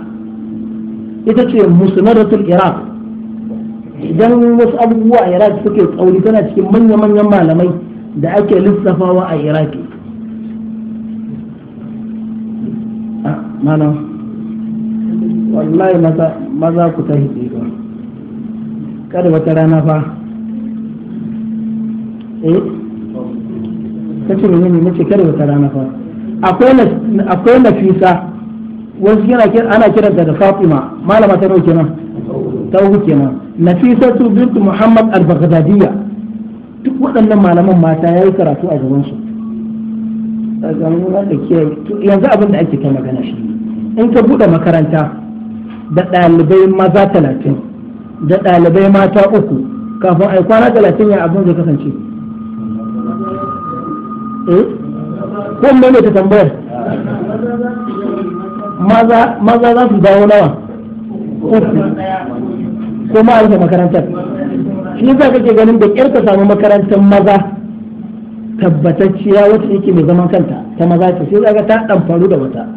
ita ce musnadatul iraq idan wasu abubuwa a iraq suke tsauri tana cikin manya-manyan malamai da ake lissafawa a iraq ah, mana wallahi maza ku ta hidi kada wata rana fa eh kace ne ne nace kada wata rana fa akwai akwai nafisa wasu yana ana kiranta da Fatima malama ta dauke nan ta uku kenan nafisatu bint Muhammad al-Baghdadiyya duk waɗannan malaman mata ya yi karatu a gaban su yanzu abin da ake kai magana shi in ka buɗe makaranta da ɗalibai maza talatin da ɗalibai mata uku kafin ai kwana talatin ya abin zai kasance Hmm? ko mai ne ta tambayar maza za su dawo nawa ko ma makarantar shi za kake ganin da ƙyar ka samu makarantar maza tabbatacciya wata yake mai zaman kanta ta maza ce sai zaga ta dan faru da wata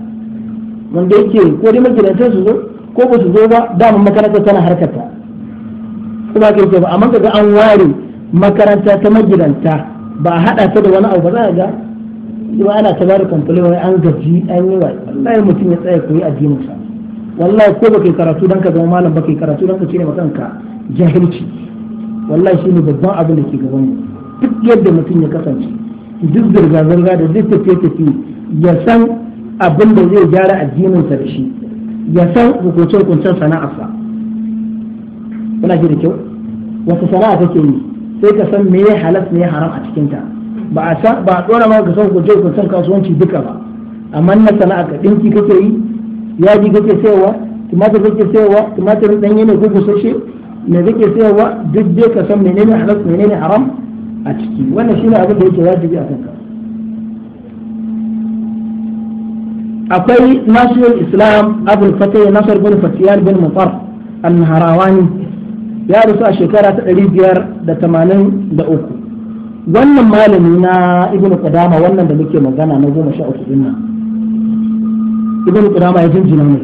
wanda yake ko dai magidantar su zo ko ba su zo ba damar makarantar tana harkarta kuma ke ba amma ga an ware makaranta ta magidanta ba haɗa ta da wani abu ba za a ga ba ana ta bada kwamfulin wani an gaji an yi wa wallahi mutum ya tsaya koyi addinin sa wallahi ko ba baka karatu don ka zama malam ba baka karatu dan ka cire ma kanka jahilci wallahi ne babban abin da ke gaban mu duk yadda mutum ya kasance duk zirga zirga da duk tafiye tafiye ya san abin da zai gyara addinin sa da shi ya san hukuncin hukuncin sana'arsa kuna ji da kyau wata sana'a kake yi sai ka san me halas me haram a cikinta ba a sa ba dora ma ka san ku je ku san kasuwanci duka ba amma na sana'a ka dinki kake yi yaji kake sayarwa tumatir kake sayarwa tumatir danye ne ko gusashe me kake sayarwa duk dai ka san menene halas menene haram a ciki wannan shine abin da yake wajibi a kanka akwai nasirul islam abul fatih nasir bin fatiyan bin mutar harawani. ya rasu a shekara ta ɗari biyar da tamanin da uku wannan malami na ibn qudama wannan da muke magana na goma sha uku din ibn qudama ya jinjina ne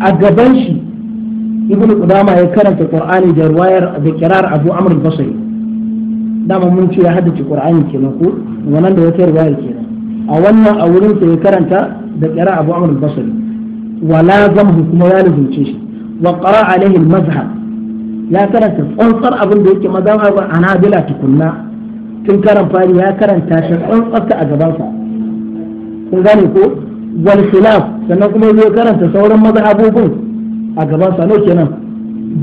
a gaban shi ibn qudama ya karanta qur'ani da ruwayar da kirar abu amr basri dama mun ce ya haddace qur'ani kenan ko wannan da wata ruwayar kenan a wannan a wurin sa ya karanta da kirar abu amr basri wala zamhu kuma ya lizunce shi wa qara alaihi al-mazhab ya karanta tsantsar abin da yake mazhabar anabila tukunna tun karan fari ya karanta ta tsantsarta a gabansa kun gane ko wal khilaf sannan kuma zai karanta sauran abubuwan a gabansa ne kenan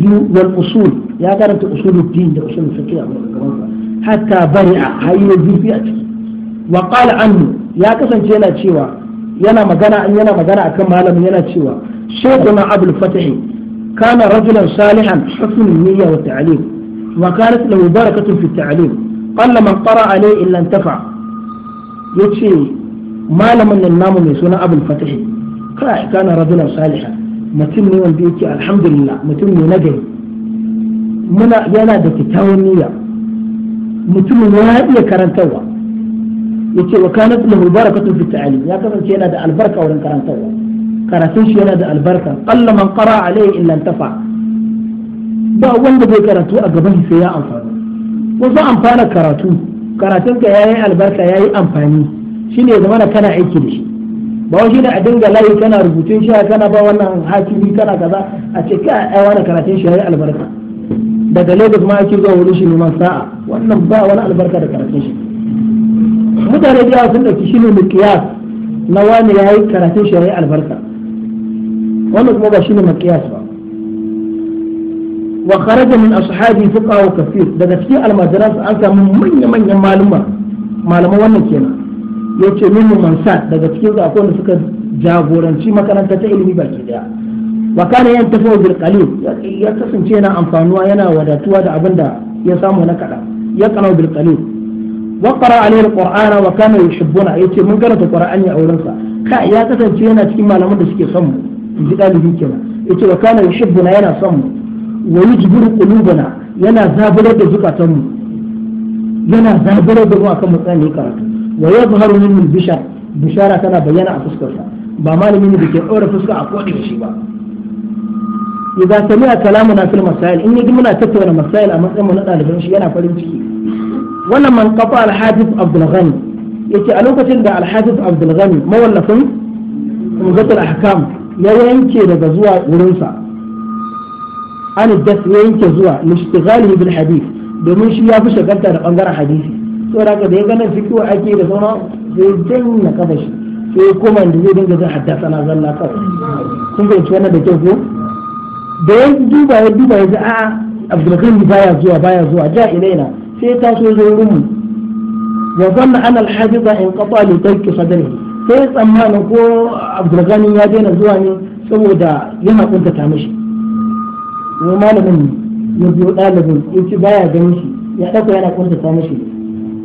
biyu wal usul ya karanta din da usul fiqh a gabansa hatta bari'a hayyo bibi a ciki wa qala annu ya kasance yana cewa yana magana yana magana akan malamin yana cewa shaykhuna abul fatih كان رجلا صالحا حسن النية والتعليم وكانت له بركة في التعليم قل من قرأ عليه إلا انتفع يتشي ما لم النام من سنة أبو الفتح كان رجلا صالحا متن والبيت الحمد لله متن نجم muna yana da kyakkyawan niyya mutumin ya iya karantarwa yace wa kanat lahu barakatun fi ta'lim ya kasance yana da albarka wurin karantarwa karatun shi yana da albarka qalla man qara alaihi illa tafa ba wanda bai karatu a gaban sai ya amfana wasu amfana karatu karatun ka yayi albarka yayi amfani shine zama kana aiki da shi ba wai shine a dinga layi kana rubutun shi kana ba wannan hakimi kana kaza a ce ka ai wani karatun shi yayi albarka daga Lagos ma ake zuwa wurin shi neman sa'a wannan ba wani albarka da karatun shi mutane da yawa sun dauki shine miqyas na wani yayi karatun shi yayi albarka wannan kuma ba shine maqiyas ba wa kharaja min ashabi fuqaha wa kafir daga cikin almajiran an samu manyan manyan maluma malaman wannan kenan yace min mansa daga cikin su akwai wanda suka jagoranci makaranta ta ilimi baki daya wa kana yantafu bil qalil ya kasance yana amfanuwa yana wadatuwa da abin da ya samu na kada ya kana bil qalil wa qara alayhi alqur'ana wa kana yuhibbuna yace mun karanta qur'ani a wurinsa ka ya kasance yana cikin malaman da suke son mu ji ɗalibin kenan yace wa kana yuhibbuna yana son mu wa yujbiru qulubana yana zabirar da zukatan mu yana zabirar da mu akan mu tsani karatu wa yadhharu min bishar bishara tana bayyana a fuskarsa ba malamin da ke ɗora fuska a kodin shi ba idan sami'a na fil masail in yadda muna tattauna masail a matsayin mu na ɗaliban shi yana farin ciki wannan man kafa al-hadith Abdul Ghani yace a lokacin da al-hadith Abdul Ghani mawallafin Umdatul Ahkam ya yanke daga zuwa wurinsa an das ya yanke zuwa lishtighalihi bil hadith domin shi ya fi shagarta da bangaren hadisi da haka da ya ganin fikiwa ake da sauran zai danna kafa shi sai kuma da zai dinga zai haddasa na zalla kawai kun fahimci wannan da kyau ko da ya duba ya duba ya ji a'a abdulkarim baya zuwa baya zuwa ja ilaina sai ta so zo wurin mu wa zanna ana alhafiza in qata li dayki sadrihi sai tsammanin ko abdulgani ya daina zuwa ne saboda yana kuntata mishi wani malamin ya biyo ɗalibin ya ci baya ganin shi ya ɗauka yana kuntata mishi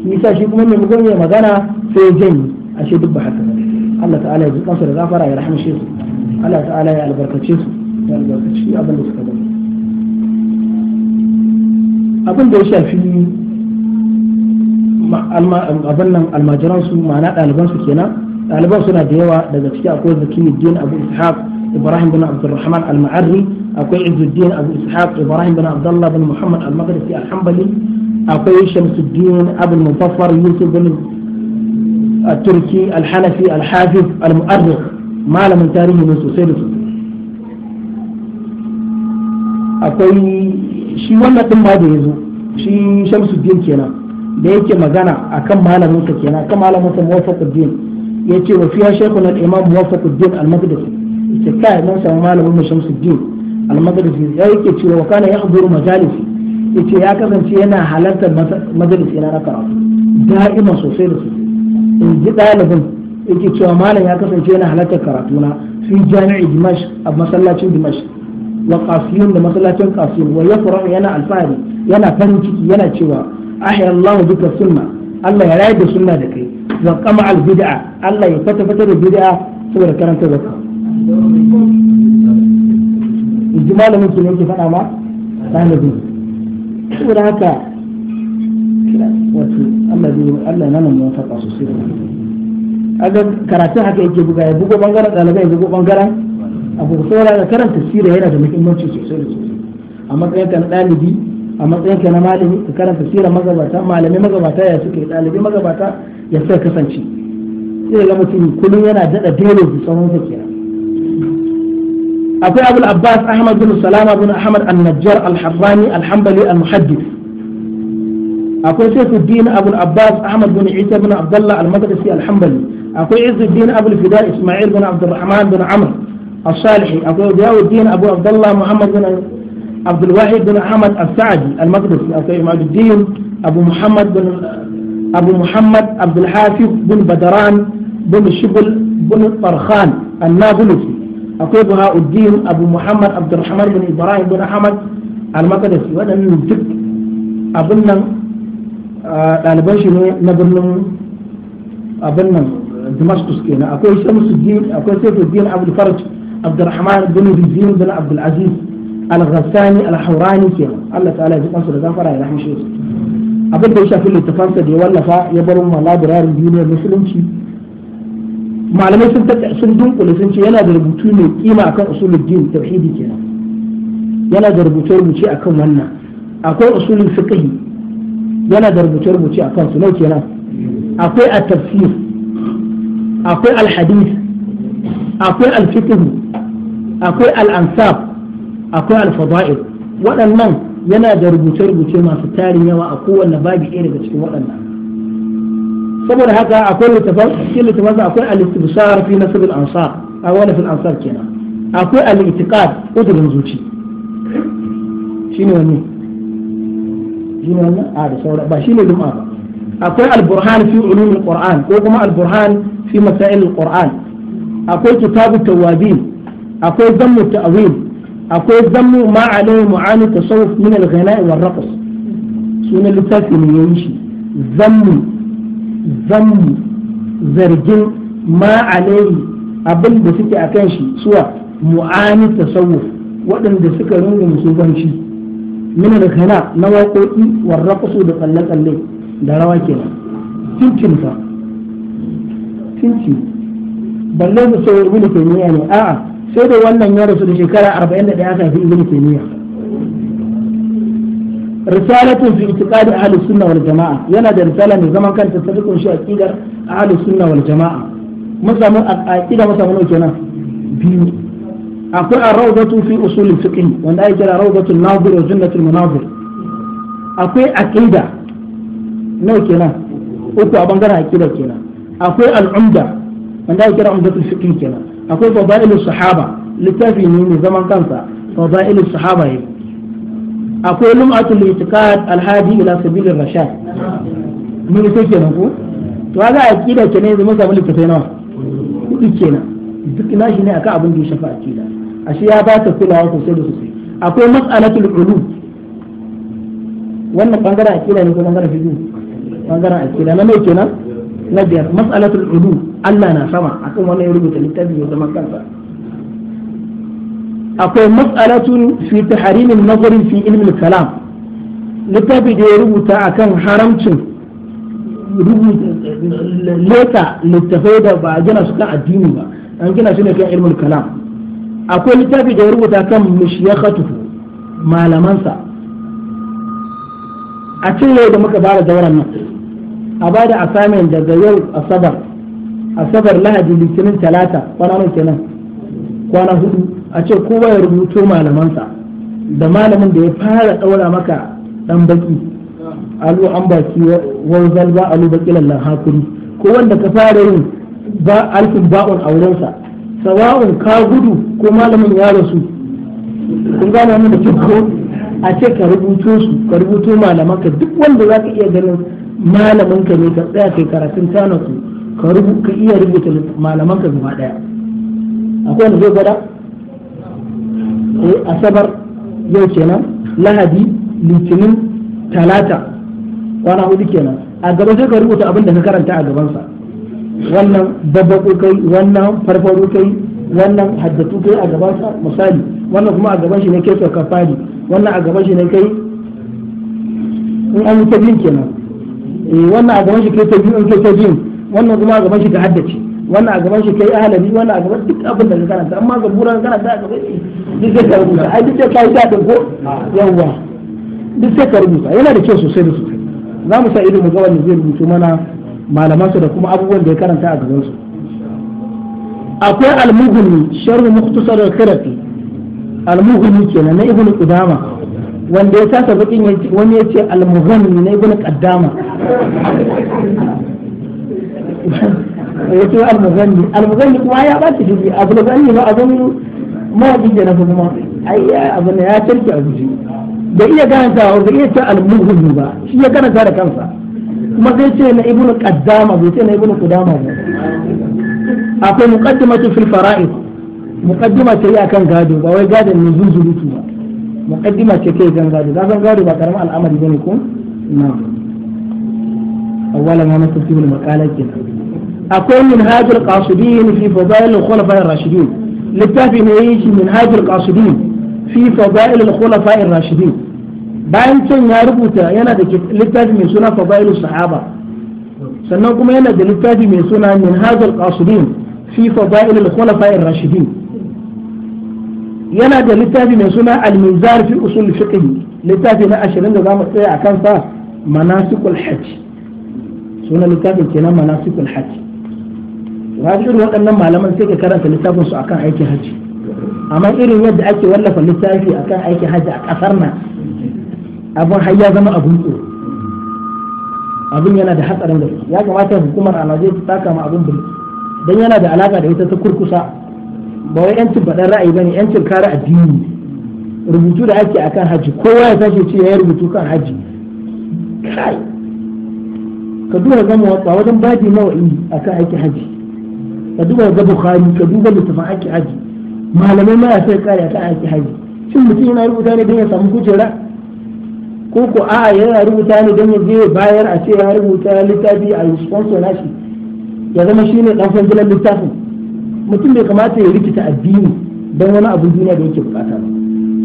shi yasa shi kuma maimakon ya magana sai ya janye shi duk ba haka Allah ta'ala ya ji kansu da gafara ya rahamshe su Allah ta'ala ya albarkace su ya albarkace abin da suka gani abin da ya shafi abin nan almajiransu ma'ana ɗalibansu kenan ɗaliban suna da yawa daga ciki akwai zakiyuddin abu ishaq ibrahim bin abdurrahman al-ma'arri akwai izzuddin abu ishaq ibrahim bin abdullah bin muhammad al-maghrisi al-hanbali akwai shamsuddin abu mufaffar yusuf bin turki التركي الحنفي الحافظ المؤرخ malamin tarihi ne sosai da sosai akwai shi wannan din ma da ya zo shi shamsuddin kenan da yake magana akan malamin sa kenan akan malamin sa muwafaquddin ya ce wa fiya shekun al'imam muwafakuddin al-maqdisi ya ce kai mun samu malamin mu shamsuddin al-maqdisi ya yake cewa wa kana yahduru majalisi ya ce ya kasance yana halartar majalisi na karatu da'ima sosai da sosai in ji ɗalibin yake cewa malam ya kasance yana halartar karatu na fi jami'i dimash a masallacin dimash wa qasiyun da masallacin qasiyun wa yafrahu yana alfahari yana farin ciki yana cewa ahya Allahu bika sunna Allah ya rayar da sunna da kai wa kama al bid'a Allah ya fata fata da bid'a saboda karanta da ku ji malamin su ne ke faɗa ma ɗalibin saboda haka wato Allah ya Allah ya nana mu fata sosai aga karatun haka yake buga ya bugo bangaren dalibai ya bugo bangaren abu saboda haka karanta sirri yana da muhimmanci sosai da sosai a matsayin kan na a matsayin kan na malami ka karanta sirri magabata malami magabata ya suke dalibi magabata ya sai kasance sai ga mutum kullum yana daɗa dole da tsawon sa kenan akwai abul abbas ahmad bin salama bin ahmad an-najjar al-harrani al-hanbali al-muhaddith akwai saifuddin abul abbas ahmad bin isa bin abdullah al-madrasi al-hanbali akwai izzuddin abul fida isma'il bin abdurrahman bin amr الصالحي أبو ضياء الدين أبو عبد الله محمد بن عبد الواحد بن أحمد السعدي المقدسي أو إمام الدين أبو محمد بن أبو محمد عبد الحافظ بن بدران بن شبل بن فرخان النابلسي akwai Bahauddin Abu Muhammad Abdulrahman bin Ibrahim bin Ahmad al-Maqdisi waɗannan duk abin nan ɗaliban shi ne na birnin abin nan Damascus kenan akwai Shamsuddin akwai Saifuddin Abdul Farj bin Rizin bin Abdul Aziz al-Ghassani al-Hawrani kenan Allah ta'ala ya ji da zafara ya rahmishe abin da ya shafi littafansa da ya wallafa ya bar ma labirarin duniyar musulunci malamai sun sun dunkule sun ce yana da rubutu mai kima akan usuluddin tauhidi kenan yana da rubuce rubuce akan wannan akwai usulul fiqh yana da rubutu rubuce akan su nau kenan akwai at-tafsir akwai al-hadith akwai al-fiqh akwai al-ansab akwai al-fada'il waɗannan yana da rubuce-rubuce masu tarin yawa a kowanne babi ɗaya daga cikin waɗannan saboda haka akwai littafin cikin littafin akwai al-istibsar fi nasb al-ansar a wani fil ansar kenan akwai al-i'tiqad udurin zuci shine wani shine wani a da saura ba shine lum'a ba akwai al-burhan fi ulum al-qur'an ko kuma al-burhan fi masail al-qur'an akwai kitab at-tawabin akwai zammu at-ta'wil akwai zammu ma alayhi mu'ani tasawuf min al-ghana'i war raqs sunan littafi ne yayin shi zammu zammu zargin ma alayhi abin da suke akan shi suwa mu'ani tasawuf waɗanda suka rungu musubanci min al-ghana na waƙoƙi wal raqs da tsalle-tsalle da rawa kenan tintinta tintin balle da sai ne a'a sai da wannan ya rasu da shekara arba'in da ɗaya kafin ibn taymiya risalatu fi itiqadi ahli sunna wal jamaa yana da risala mai zaman kanta ta dukkan shi aqidar ahli sunna wal jamaa mun samu aqida mun samu kenan biyu akwai ar-rawdatu fi usul al-fiqh wanda ake kira rawdatu an-nazir wa jannatu al-munazir akwai aqida nawa kenan uku a bangaren aqida kenan akwai al-umda wanda ake kira umdatul fiqh kenan akwai fadailu sahaba littafi ne mai zaman kansa fadailu sahaba ne akwai lum'atul itiqad alhadi ila sabilir rashad mun ita kenan ko to ga aqida kenan yanzu mun samu littafai nawa kuɗi kenan duk shi ne akan abin da ya shafa aqida ashe ya ba ta kulawa sosai da sosai akwai mas'alatul ulum wannan bangaren aqida ne ko bangaren fiqh bangaren aqida na mai kenan na biyar mas'alatul ulum Allah na sama akan wannan ya rubuta littafi ya zama kansa akwai mas'alatun fi tahrimin nazari fi ilmin kalam littafi da ya rubuta akan haramcin leta littafai da ba a gina su kan addini ba an gina su ne kan ilmin kalam akwai littafi da ya rubuta kan mishyakatu malamansa a cin yau da muka bada zauren nan a bada asamin daga yau asabar asabar lahadi litinin talata kwana nan kenan kwana hudu a ce kowa ya rubuto malamansa da malamin da ya fara daura maka dan baki alu an baki wanzan ba alu baki lallan hakuri ko wanda ka fara yin ba alfin ba'un aurensa sawa'un ka gudu ko malamin ya rasu kun gane mun da ko a ce ka rubuto su ka rubuto malamanka duk wanda za ka iya ganin malamin ka ne ka tsaya kai karatun tana su ka iya rubuta malaman ka gaba daya akwai wanda zai gwada eh, asabar yau kenan lahadi litinin talata kwana hudu kenan a gaba sai ka rubuta abin da ka karanta a gabansa wannan babbaku kai wannan farfaru kai wannan haddatu kai a gabansa misali wannan kuma a gaban shi ne kai sauka fari wannan a gaban shi ne kai in an yi ta kenan eh, wannan a gaban shi kai ta biyun in kai ta biyun wannan kuma a gaban shi ka haddace wannan a gaban shi kai ahalami wannan a gaban duk abin da ka karanta amma zabura ka karanta a gaban shi duk sai ka rubuta ai duk sai ka yi dadin ko yawwa duk sai ka rubuta yana da kyau sosai da sosai za mu sa ido mu ga wanda zai rubuto mana malamansu da kuma abubuwan da ya karanta a gaban su akwai al-mughni sharh mukhtasar al-khirafi al-mughni kenan na ibnu qudama wanda ya sasa bakin wani ya ce al-mughni na ibnu qaddama ya ce almuzanni almuzanni kuma ya ɓata shi abu da zanni ma abin mawaƙi da na kuma ai abin ya tarki a guji da iya ganta da iya ta almuhullu ba shi ya karanta da kansa kuma zai ce na ibnu qaddama bai ce na ibnu qudama ba akwai muqaddimatu fil fara'id muqaddima ce ya kan gado ba wai gadon ne zunzulutu ba muqaddima ce kai kan gado ka san gado ba karamin al'amari bane ko na awwala ma nasu tibul maqala kenan أكون من هذه القاصدين في فضائل الخلفاء الراشدين لتافي نعيش من هذه القاصدين في فضائل الخلفاء الراشدين بعد أن يربط أنا لتافي من سنة فضائل الصحابة سنقوم أنا لتافي من سنة من هذه القاصدين في فضائل الخلفاء الراشدين ينادى لتافي من سنة المنزار في أصول الفقه لتافي من أشرين دام مناسك الحج سنة لتافي كنا مناسك الحج na irin waɗannan malaman sai ka karanta littafin su akan aikin hajji amma irin yadda ake wallafa littafi akan aikin hajji a ƙasar nan abin har ya zama abun tsoro abin yana da hatsarin da ya kamata hukumar a Najeriya ta taka ma abin bulu dan yana da alaka da ita ta kurkusa ba wai yancin faɗar ra'ayi bane yancin kare addini rubutu da ake akan hajji kowa ya sake ce ya rubutu kan hajji kai ka duba gama watsa wajen baji nawa'i akan aikin hajji ka duba ga bukhari ka duba littafin aiki haji malamai ma ya sai kare ta aiki haji shin mutum yana rubuta ne don ya samu kujera ko ko a yana rubuta ne don ya je bayar a ce ya rubuta littafi a sponsor na shi. ya zama shi ne dan fangilan littafin mutum bai kamata ya rikita addini don wani abun duniya da yake bukata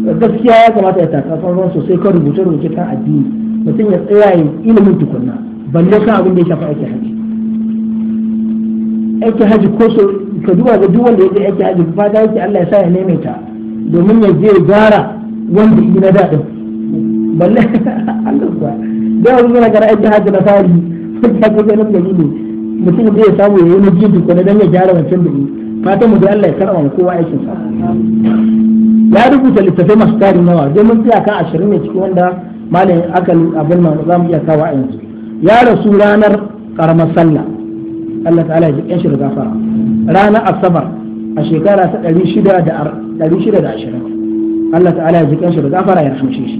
ba gaskiya ya kamata ya taka ruwan sosai kan rubuce rubuce kan addini mutum ya tsaya ilimin tukunna balle kan abin da ya shafa aiki haji aiki haji ko so ka duba ga duk wanda ya je aiki haji ba da yake Allah ya sa ya ta domin ya je gara wanda yi na daɗin balle [LAUGHS] Allah ba da wani muna gara aiki haji na fari ta ga ganin gari ne mutum zai samu ya yi na jiji ko dan ya gyara wancan da ni fatan mu da Allah ya karama kowa aikin sa ya rubuta littafai masu tarin nawa zai mun siya kan ashirin ne cikin wanda malamin akal abin ma za mu iya kawo a yanzu ya rasu ranar karamar sallah Allah ta'ala ya ji shi da gafara ranar asabar a shekara ta 620 Allah ta'ala ya ji shi da gafara ya rahmshe shi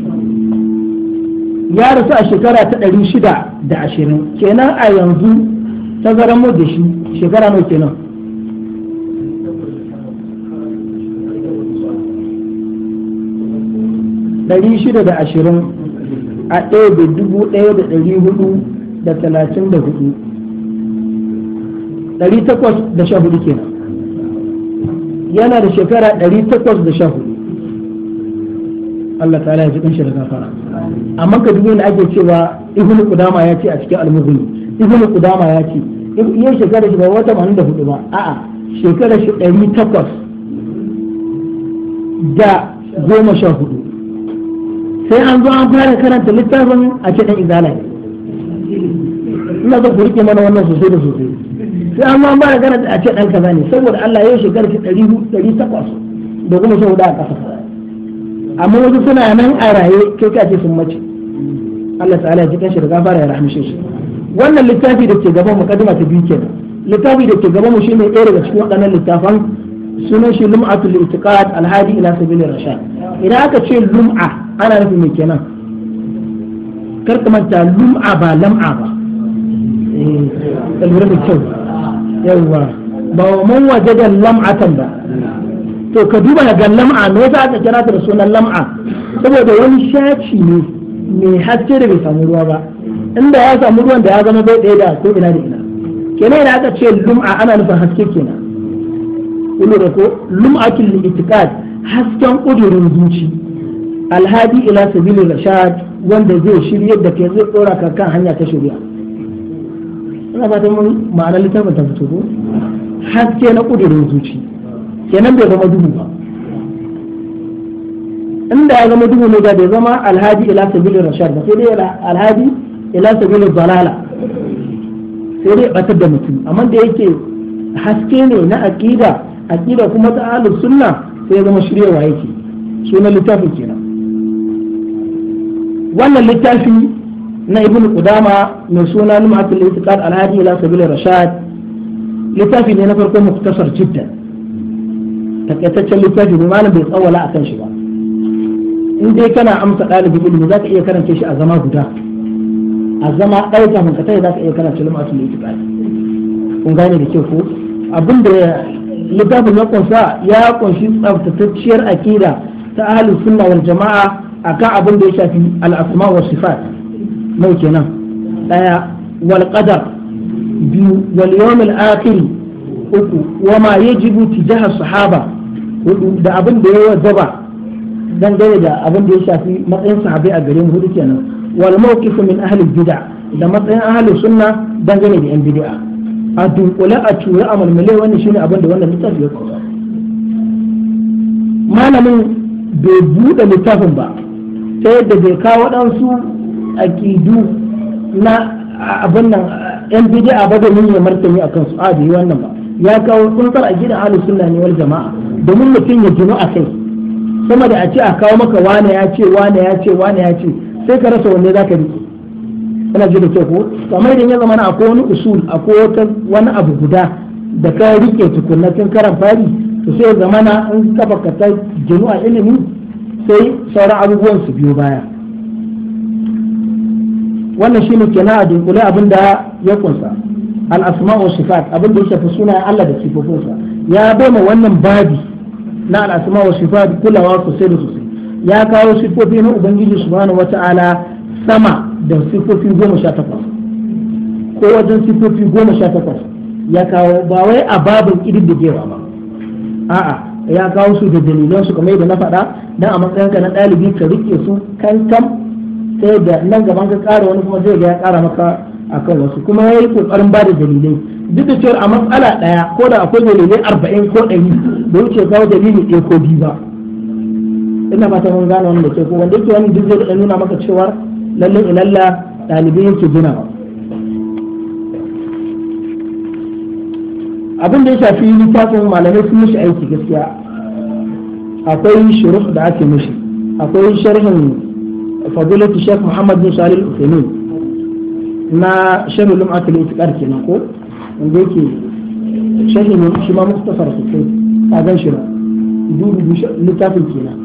ya rasu a shekara ta 620 kenan a yanzu tazaran mu da shi shekara nawa kenan ɗari shida da ashirin a ɗaya da dubu ɗaya da ɗari hudu da talatin da hudu ɗari takwas da sha hudu kenan yana da shekara ɗari takwas da sha hudu Allah ta'ala ya ji kanshi da gafara amma ka dubi ake cewa ibnu qudama ya ce a cikin al-mughni ibnu qudama ya ce iya shekara shi ba wata ma'anin da hudu ba a'a shekara shi ɗari takwas da goma sha hudu sai an zo an fara karanta littafin a cikin izalai ina zan ku rike mana wannan sosai da sosai sai an ma ba da gana a ce ɗan kaza ne saboda Allah ya yi shekarar ta ɗari ɗari takwas da kuma sau a ƙasa amma wasu suna nan a raye kai ka ce sun mace Allah ta'ala ya ji kanshi da gafara ya rahamshe shi wannan littafi da ke gaban mukaddima ta biyu kenan littafi da ke gaban mu shine ɗaya daga cikin waɗannan littafan sunan shi lum'atul itiqad alhadi ila sabilir rashad idan aka ce lum'a ana nufin me kenan kar ka manta lum'a ba lam'a ba eh kalmar da kyau yawwa ba wa mun waje da lam'atan ba to ka duba ga lam'a me yasa aka kira ta da sunan lam'a saboda wani shaci ne mai haske da bai samu ruwa ba inda ya samu ruwan da ya zama bai ɗaya da ko ina da ina kenan da aka ce lum'a ana nufin haske kenan kullu da ko lum'atul itiqad hasken kudurin zuci alhadi ila sabilir rashad wanda zai shiryar da kai zai dora ka kan hanya ta shari'a ina ta mun ma'anar littafin ta fito ko haske na kudurin zuci kenan bai zama duhu ba inda ya zama duhu ne da bai zama alhaji ila sabilin rashad ba sai dai alhaji ila sabilin balala sai dai batar da mutum amma da yake haske ne na aqida aqida kuma ta ahlus sunna sai ya zama shiryawa yake sunan littafin kenan wannan littafin na ibn qudama mai suna lumatul itiqad al-hadi ila sabil rashad littafi ne na farko muktasar jidda, takaitaccen littafi ne malam bai tsawala akan shi ba in dai kana amsa ɗalibin ilimi za ka iya karanta shi a zama guda a zama ɗaya kafin ka tare za ka iya karanta lumatul itiqad kun gane da kyau ko abin da littafin ya kunsa ya kunshi tsaftatacciyar akida ta ahlus sunna wal jama'a akan abin da ya shafi al-asma wa sifat mai kenan daya wal qadar biyu wal al akhir uku wa ma yajibu tijaha sahaba hudu da abin da ya wajaba dangane da abin da ya shafi matsayin sahabai a gare mu hudu kenan wal mawqif min ahli bid'a da matsayin ahli sunna dangane da yan bid'a a dunkule a tura a malmale wannan shine abin da wannan littafi ya kawo malamin bai buɗe littafin ba ta yadda bai kawo waɗansu aƙidu na abin nan yan bidi'a ba da nuna martani akan su a biyu wannan ba ya kawo tsuntsar a gidan ahlus sunna ne wal jama'a domin mutum ya jinu a kai sama da a ce a kawo maka wane ya ce wane ya ce wane ya ce sai ka rasa wanne zaka rike ina ji da kyau ko kamar idan ya zama na akwai wani usul akwai wani abu guda da ka rike tukunna tun karan fari to sai ya zama na in kafa ka ta jinu a ilimi sai sauran abubuwan su biyo baya wannan shi shine kenan a dunkule abin da ya kunsa al asma wa sifat abin da ya shafi ya Allah da sifofinsa ya bai ma wannan babi na al asma wa sifat kulawa sosai da sosai ya kawo sifofi na ubangiji subhanahu wata'ala sama da sifofi goma sha takwas ko wajen sifofi goma sha takwas ya kawo ba wai a babin ƙididdigewa ba a'a ya kawo su da dalilan su kamar yadda na faɗa dan a matsayin na ɗalibi ka rike su kankan sai da nan gaban ka kara wani kuma zai ga ya kara maka akan wasu kuma ya yi ƙoƙarin ba da dalilai duk da cewa a matsala ɗaya ko da akwai dalilai arba'in ko ɗari da wuce kawo dalili ɗaya ko biyu ba ina ta mun gane wani da ke ko wanda yake wani duk zai nuna maka cewa lallai ilalla ɗalibai yake ginawa abin da ya shafi littafin malamai sun mishi aiki gaskiya akwai shiru da ake mishi akwai sharhin fadilatu Sheikh Muhammad bin Salih Al-Uthaymeen na Sheikh Lum'at al-Itiqar kenan ko wanda yake shi ma gan shi kenan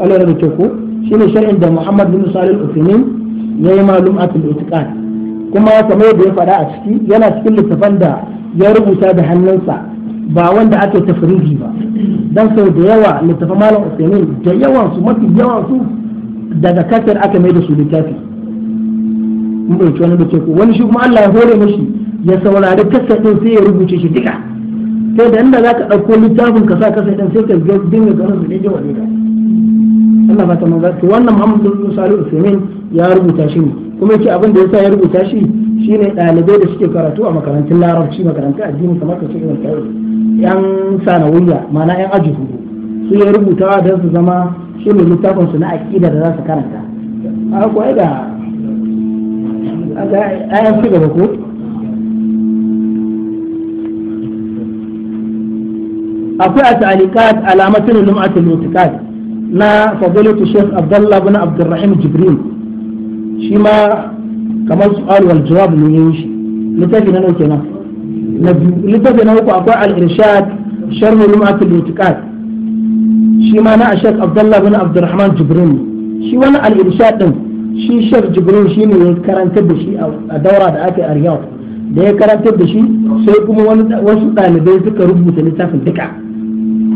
Allah da ke ko shine da Muhammad bin Salih Al-Uthaymeen ya yi ma al kuma kamar yadda ya faɗa a ciki yana cikin littafan da ya rubuta da hannunsa ba wanda ake tafrihi ba dan sau da yawa littafin malam usaimin da yawan su mafi yawan su daga kafir aka mai da su littafi mun bai wani da ko wani shi kuma Allah ya hore mashi ya saurari kasa din sai ya rubuce shi duka sai da inda zaka dauko littafin ka sa kasa din sai ka ga dinga ganin su ne jawa ne Allah ba ta manzo to wannan Muhammadu alaihi wasallam ya rubuta shi ne kuma yake abin da yasa ya rubuta shi shine ɗalibai da suke karatu a makarantun larabci makarantun addini kamar ka ce irin tsaye yan sanawiyya ma'ana yan aji hudu su ya rubutawa don su zama shi ne littafin su na aƙida da za su karanta a da ayan su gaba ko akwai a ta'alikat alamatin lum'atul na fadilatu shekh abdullah bin abdurrahim jibril shi ma kamar su'al wal jawab ne yayin shi littafi na nan na na littafi na uku akwai al-irshad sharh lum'at al-i'tiqad shi ma na Sheikh Abdullah bin Abdurrahman Jibril shi wani al-irshad din shi Sheikh Jibril shi ne ya karanta da shi a daura da aka yi a Riyadh da ya karanta da shi sai kuma wasu ɗalibai suka rubuta littafin duka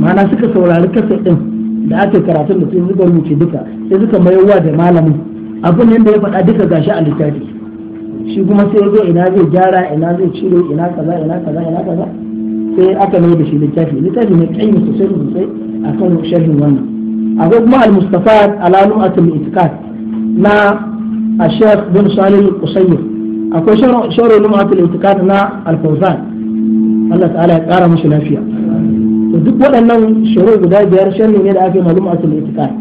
ma'ana suka saurari kasa din da aka karatun da sai suka rubuce duka sai suka mayowa da malamin abin da ya faɗa duka gashi a littafi shi kuma sai ya ina zai gyara ina zai cire ina kaza ina kaza ina kaza sai aka mai da shi littafi littafi ne kai sosai sosai kan sharhin wannan akwai kuma al-mustafa alanu'atul itiqad na ashaf bin salih qusayr akwai sharh al-mu'atul na al-fawzan Allah ta'ala ya kara mushi lafiya to duk waɗannan shuru guda biyar sharhi ne da aka yi malumatul itiqad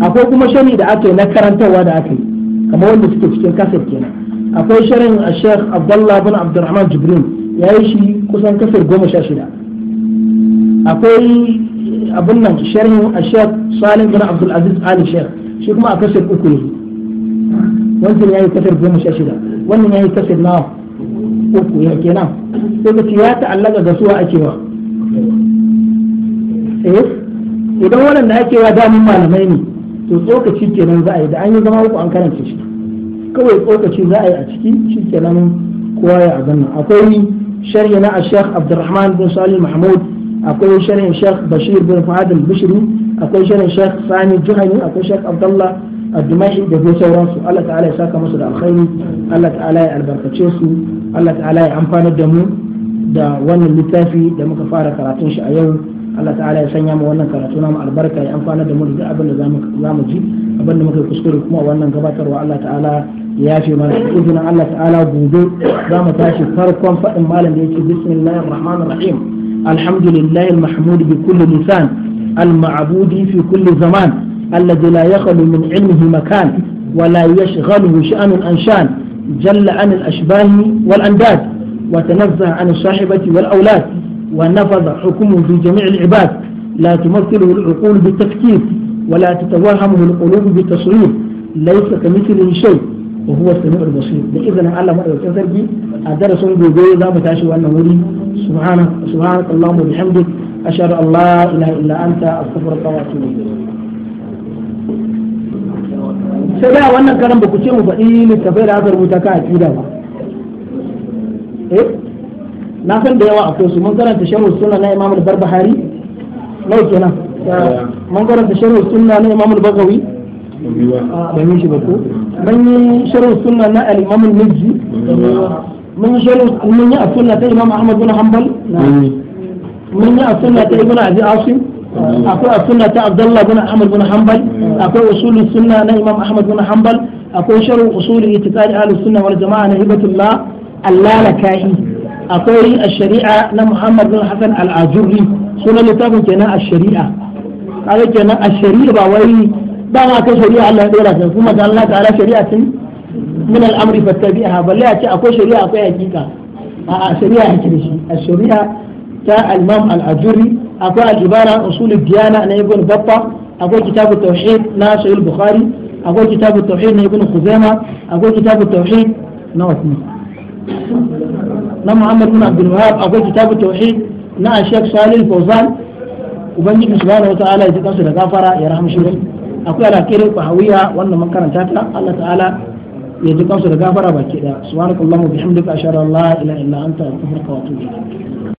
akwai kuma sharhi da aka yi na karantarwa da aka yi kamar wanda suke cikin kasar kenan akwai shirin a sheikh abdullah bin abdurrahman jibrin ya yi shi kusan kafir goma sha shida akwai abin nan shirin a sheikh salim bin abdulaziz ali sheikh shi kuma a kasar uku ne wancan ya yi kasar goma sha shida wannan ya yi kasar na uku ya kenan sai ka ce ya ta'allaka ga suwa ake wa eh? idan waɗanda ake wa damun malamai ne to tsokaci kenan za a yi da an yi zama uku an karanta shi kawai tsokaci za a yi a ciki shi kenan kowa ya abin nan akwai sharhi na ashekh abdurrahman bin salim mahmud akwai sharhin shekh bashir bin fadil bishiri bishri akwai sharhin shekh sani juhani akwai shekh abdullah addumashi da dai sauransu Allah ta'ala ya saka musu da alkhairi Allah ta'ala ya albarkace su Allah ta'ala ya amfana da mu da wannan littafi da muka fara karatun shi a yau Allah ta'ala ya sanya mu wannan karatu na mu albarka ya amfana da mu da abin da za mu ji abin da muka kuskure kuma wannan gabatarwa Allah ta'ala يا شيخ إذن الله تعالى بوجود دام تاشي فاركم فأم مالا بسم الله الرحمن الرحيم الحمد لله المحمود بكل لسان المعبود في كل زمان الذي لا يخلو من علمه مكان ولا يشغله شأن الأنشان جل عن الأشباه والأنداد وتنزه عن الصاحبة والأولاد ونفذ حكمه في جميع العباد لا تمثله العقول بالتفكير ولا تتوهمه القلوب بالتصوير ليس كمثله شيء wa huwa samiul basir da izinin Allah madaukakin sarki a darasin gobe za mu tashi wannan wuri subhanahu subhanakallahumma bihamdik ashhadu an illa anta astaghfiruka sai da wannan karan ba ku ce mu faɗi littafai da aka rubuta ka aƙida ba eh na san da yawa akwai su mun karanta sharhu sunna na Imam al-Barbahari nau kenan mun karanta sunna na Imam al Ah, ban yi shi ba ko mun yi shirin sunna na al-imam al-mizzi mun yi shirin mun yi sunna ta imam ahmad bin hanbal mun yi sunna ta ibn abi asim akwai sunna ta abdullah bin ahmad bin hanbal akwai usulul sunna na imam ahmad bin hanbal akwai shirin usulul itiqadi ahlus sunna wal jama'a na hibatullah allalaka'i akwai ash-shari'a na muhammad bin hasan al-ajurri sunan littafin kenan ash-shari'a kaga kenan ash-shari'a ba wai dama kai shari'a Allah ya dora ta kuma da Allah ta'ala shari'atin min al-amri fattabi'ha balle a ce akwai shari'a akwai hakika a shari'a yake da shi a shari'a ta al-imam al-ajuri akwai al-ibara usul diyana na ibn babba akwai kitabu tauhid na sahih bukhari akwai kitabu tauhid na ibn khuzaima akwai kitabu tauhid na wasni na muhammad bin abdul wahab akwai kitabu tauhid na shaykh salih fawzan ubangiji subhanahu wa ta'ala ya ji kansu da gafara ya rahmashi akwai alakairin fahawiya wannan mun karanta ta Allah ta'ala ya ji kansu da gafara baki daya subhanakallahumma bihamdika ashhadu an la ilaha illa anta astaghfiruka wa atubu ilaik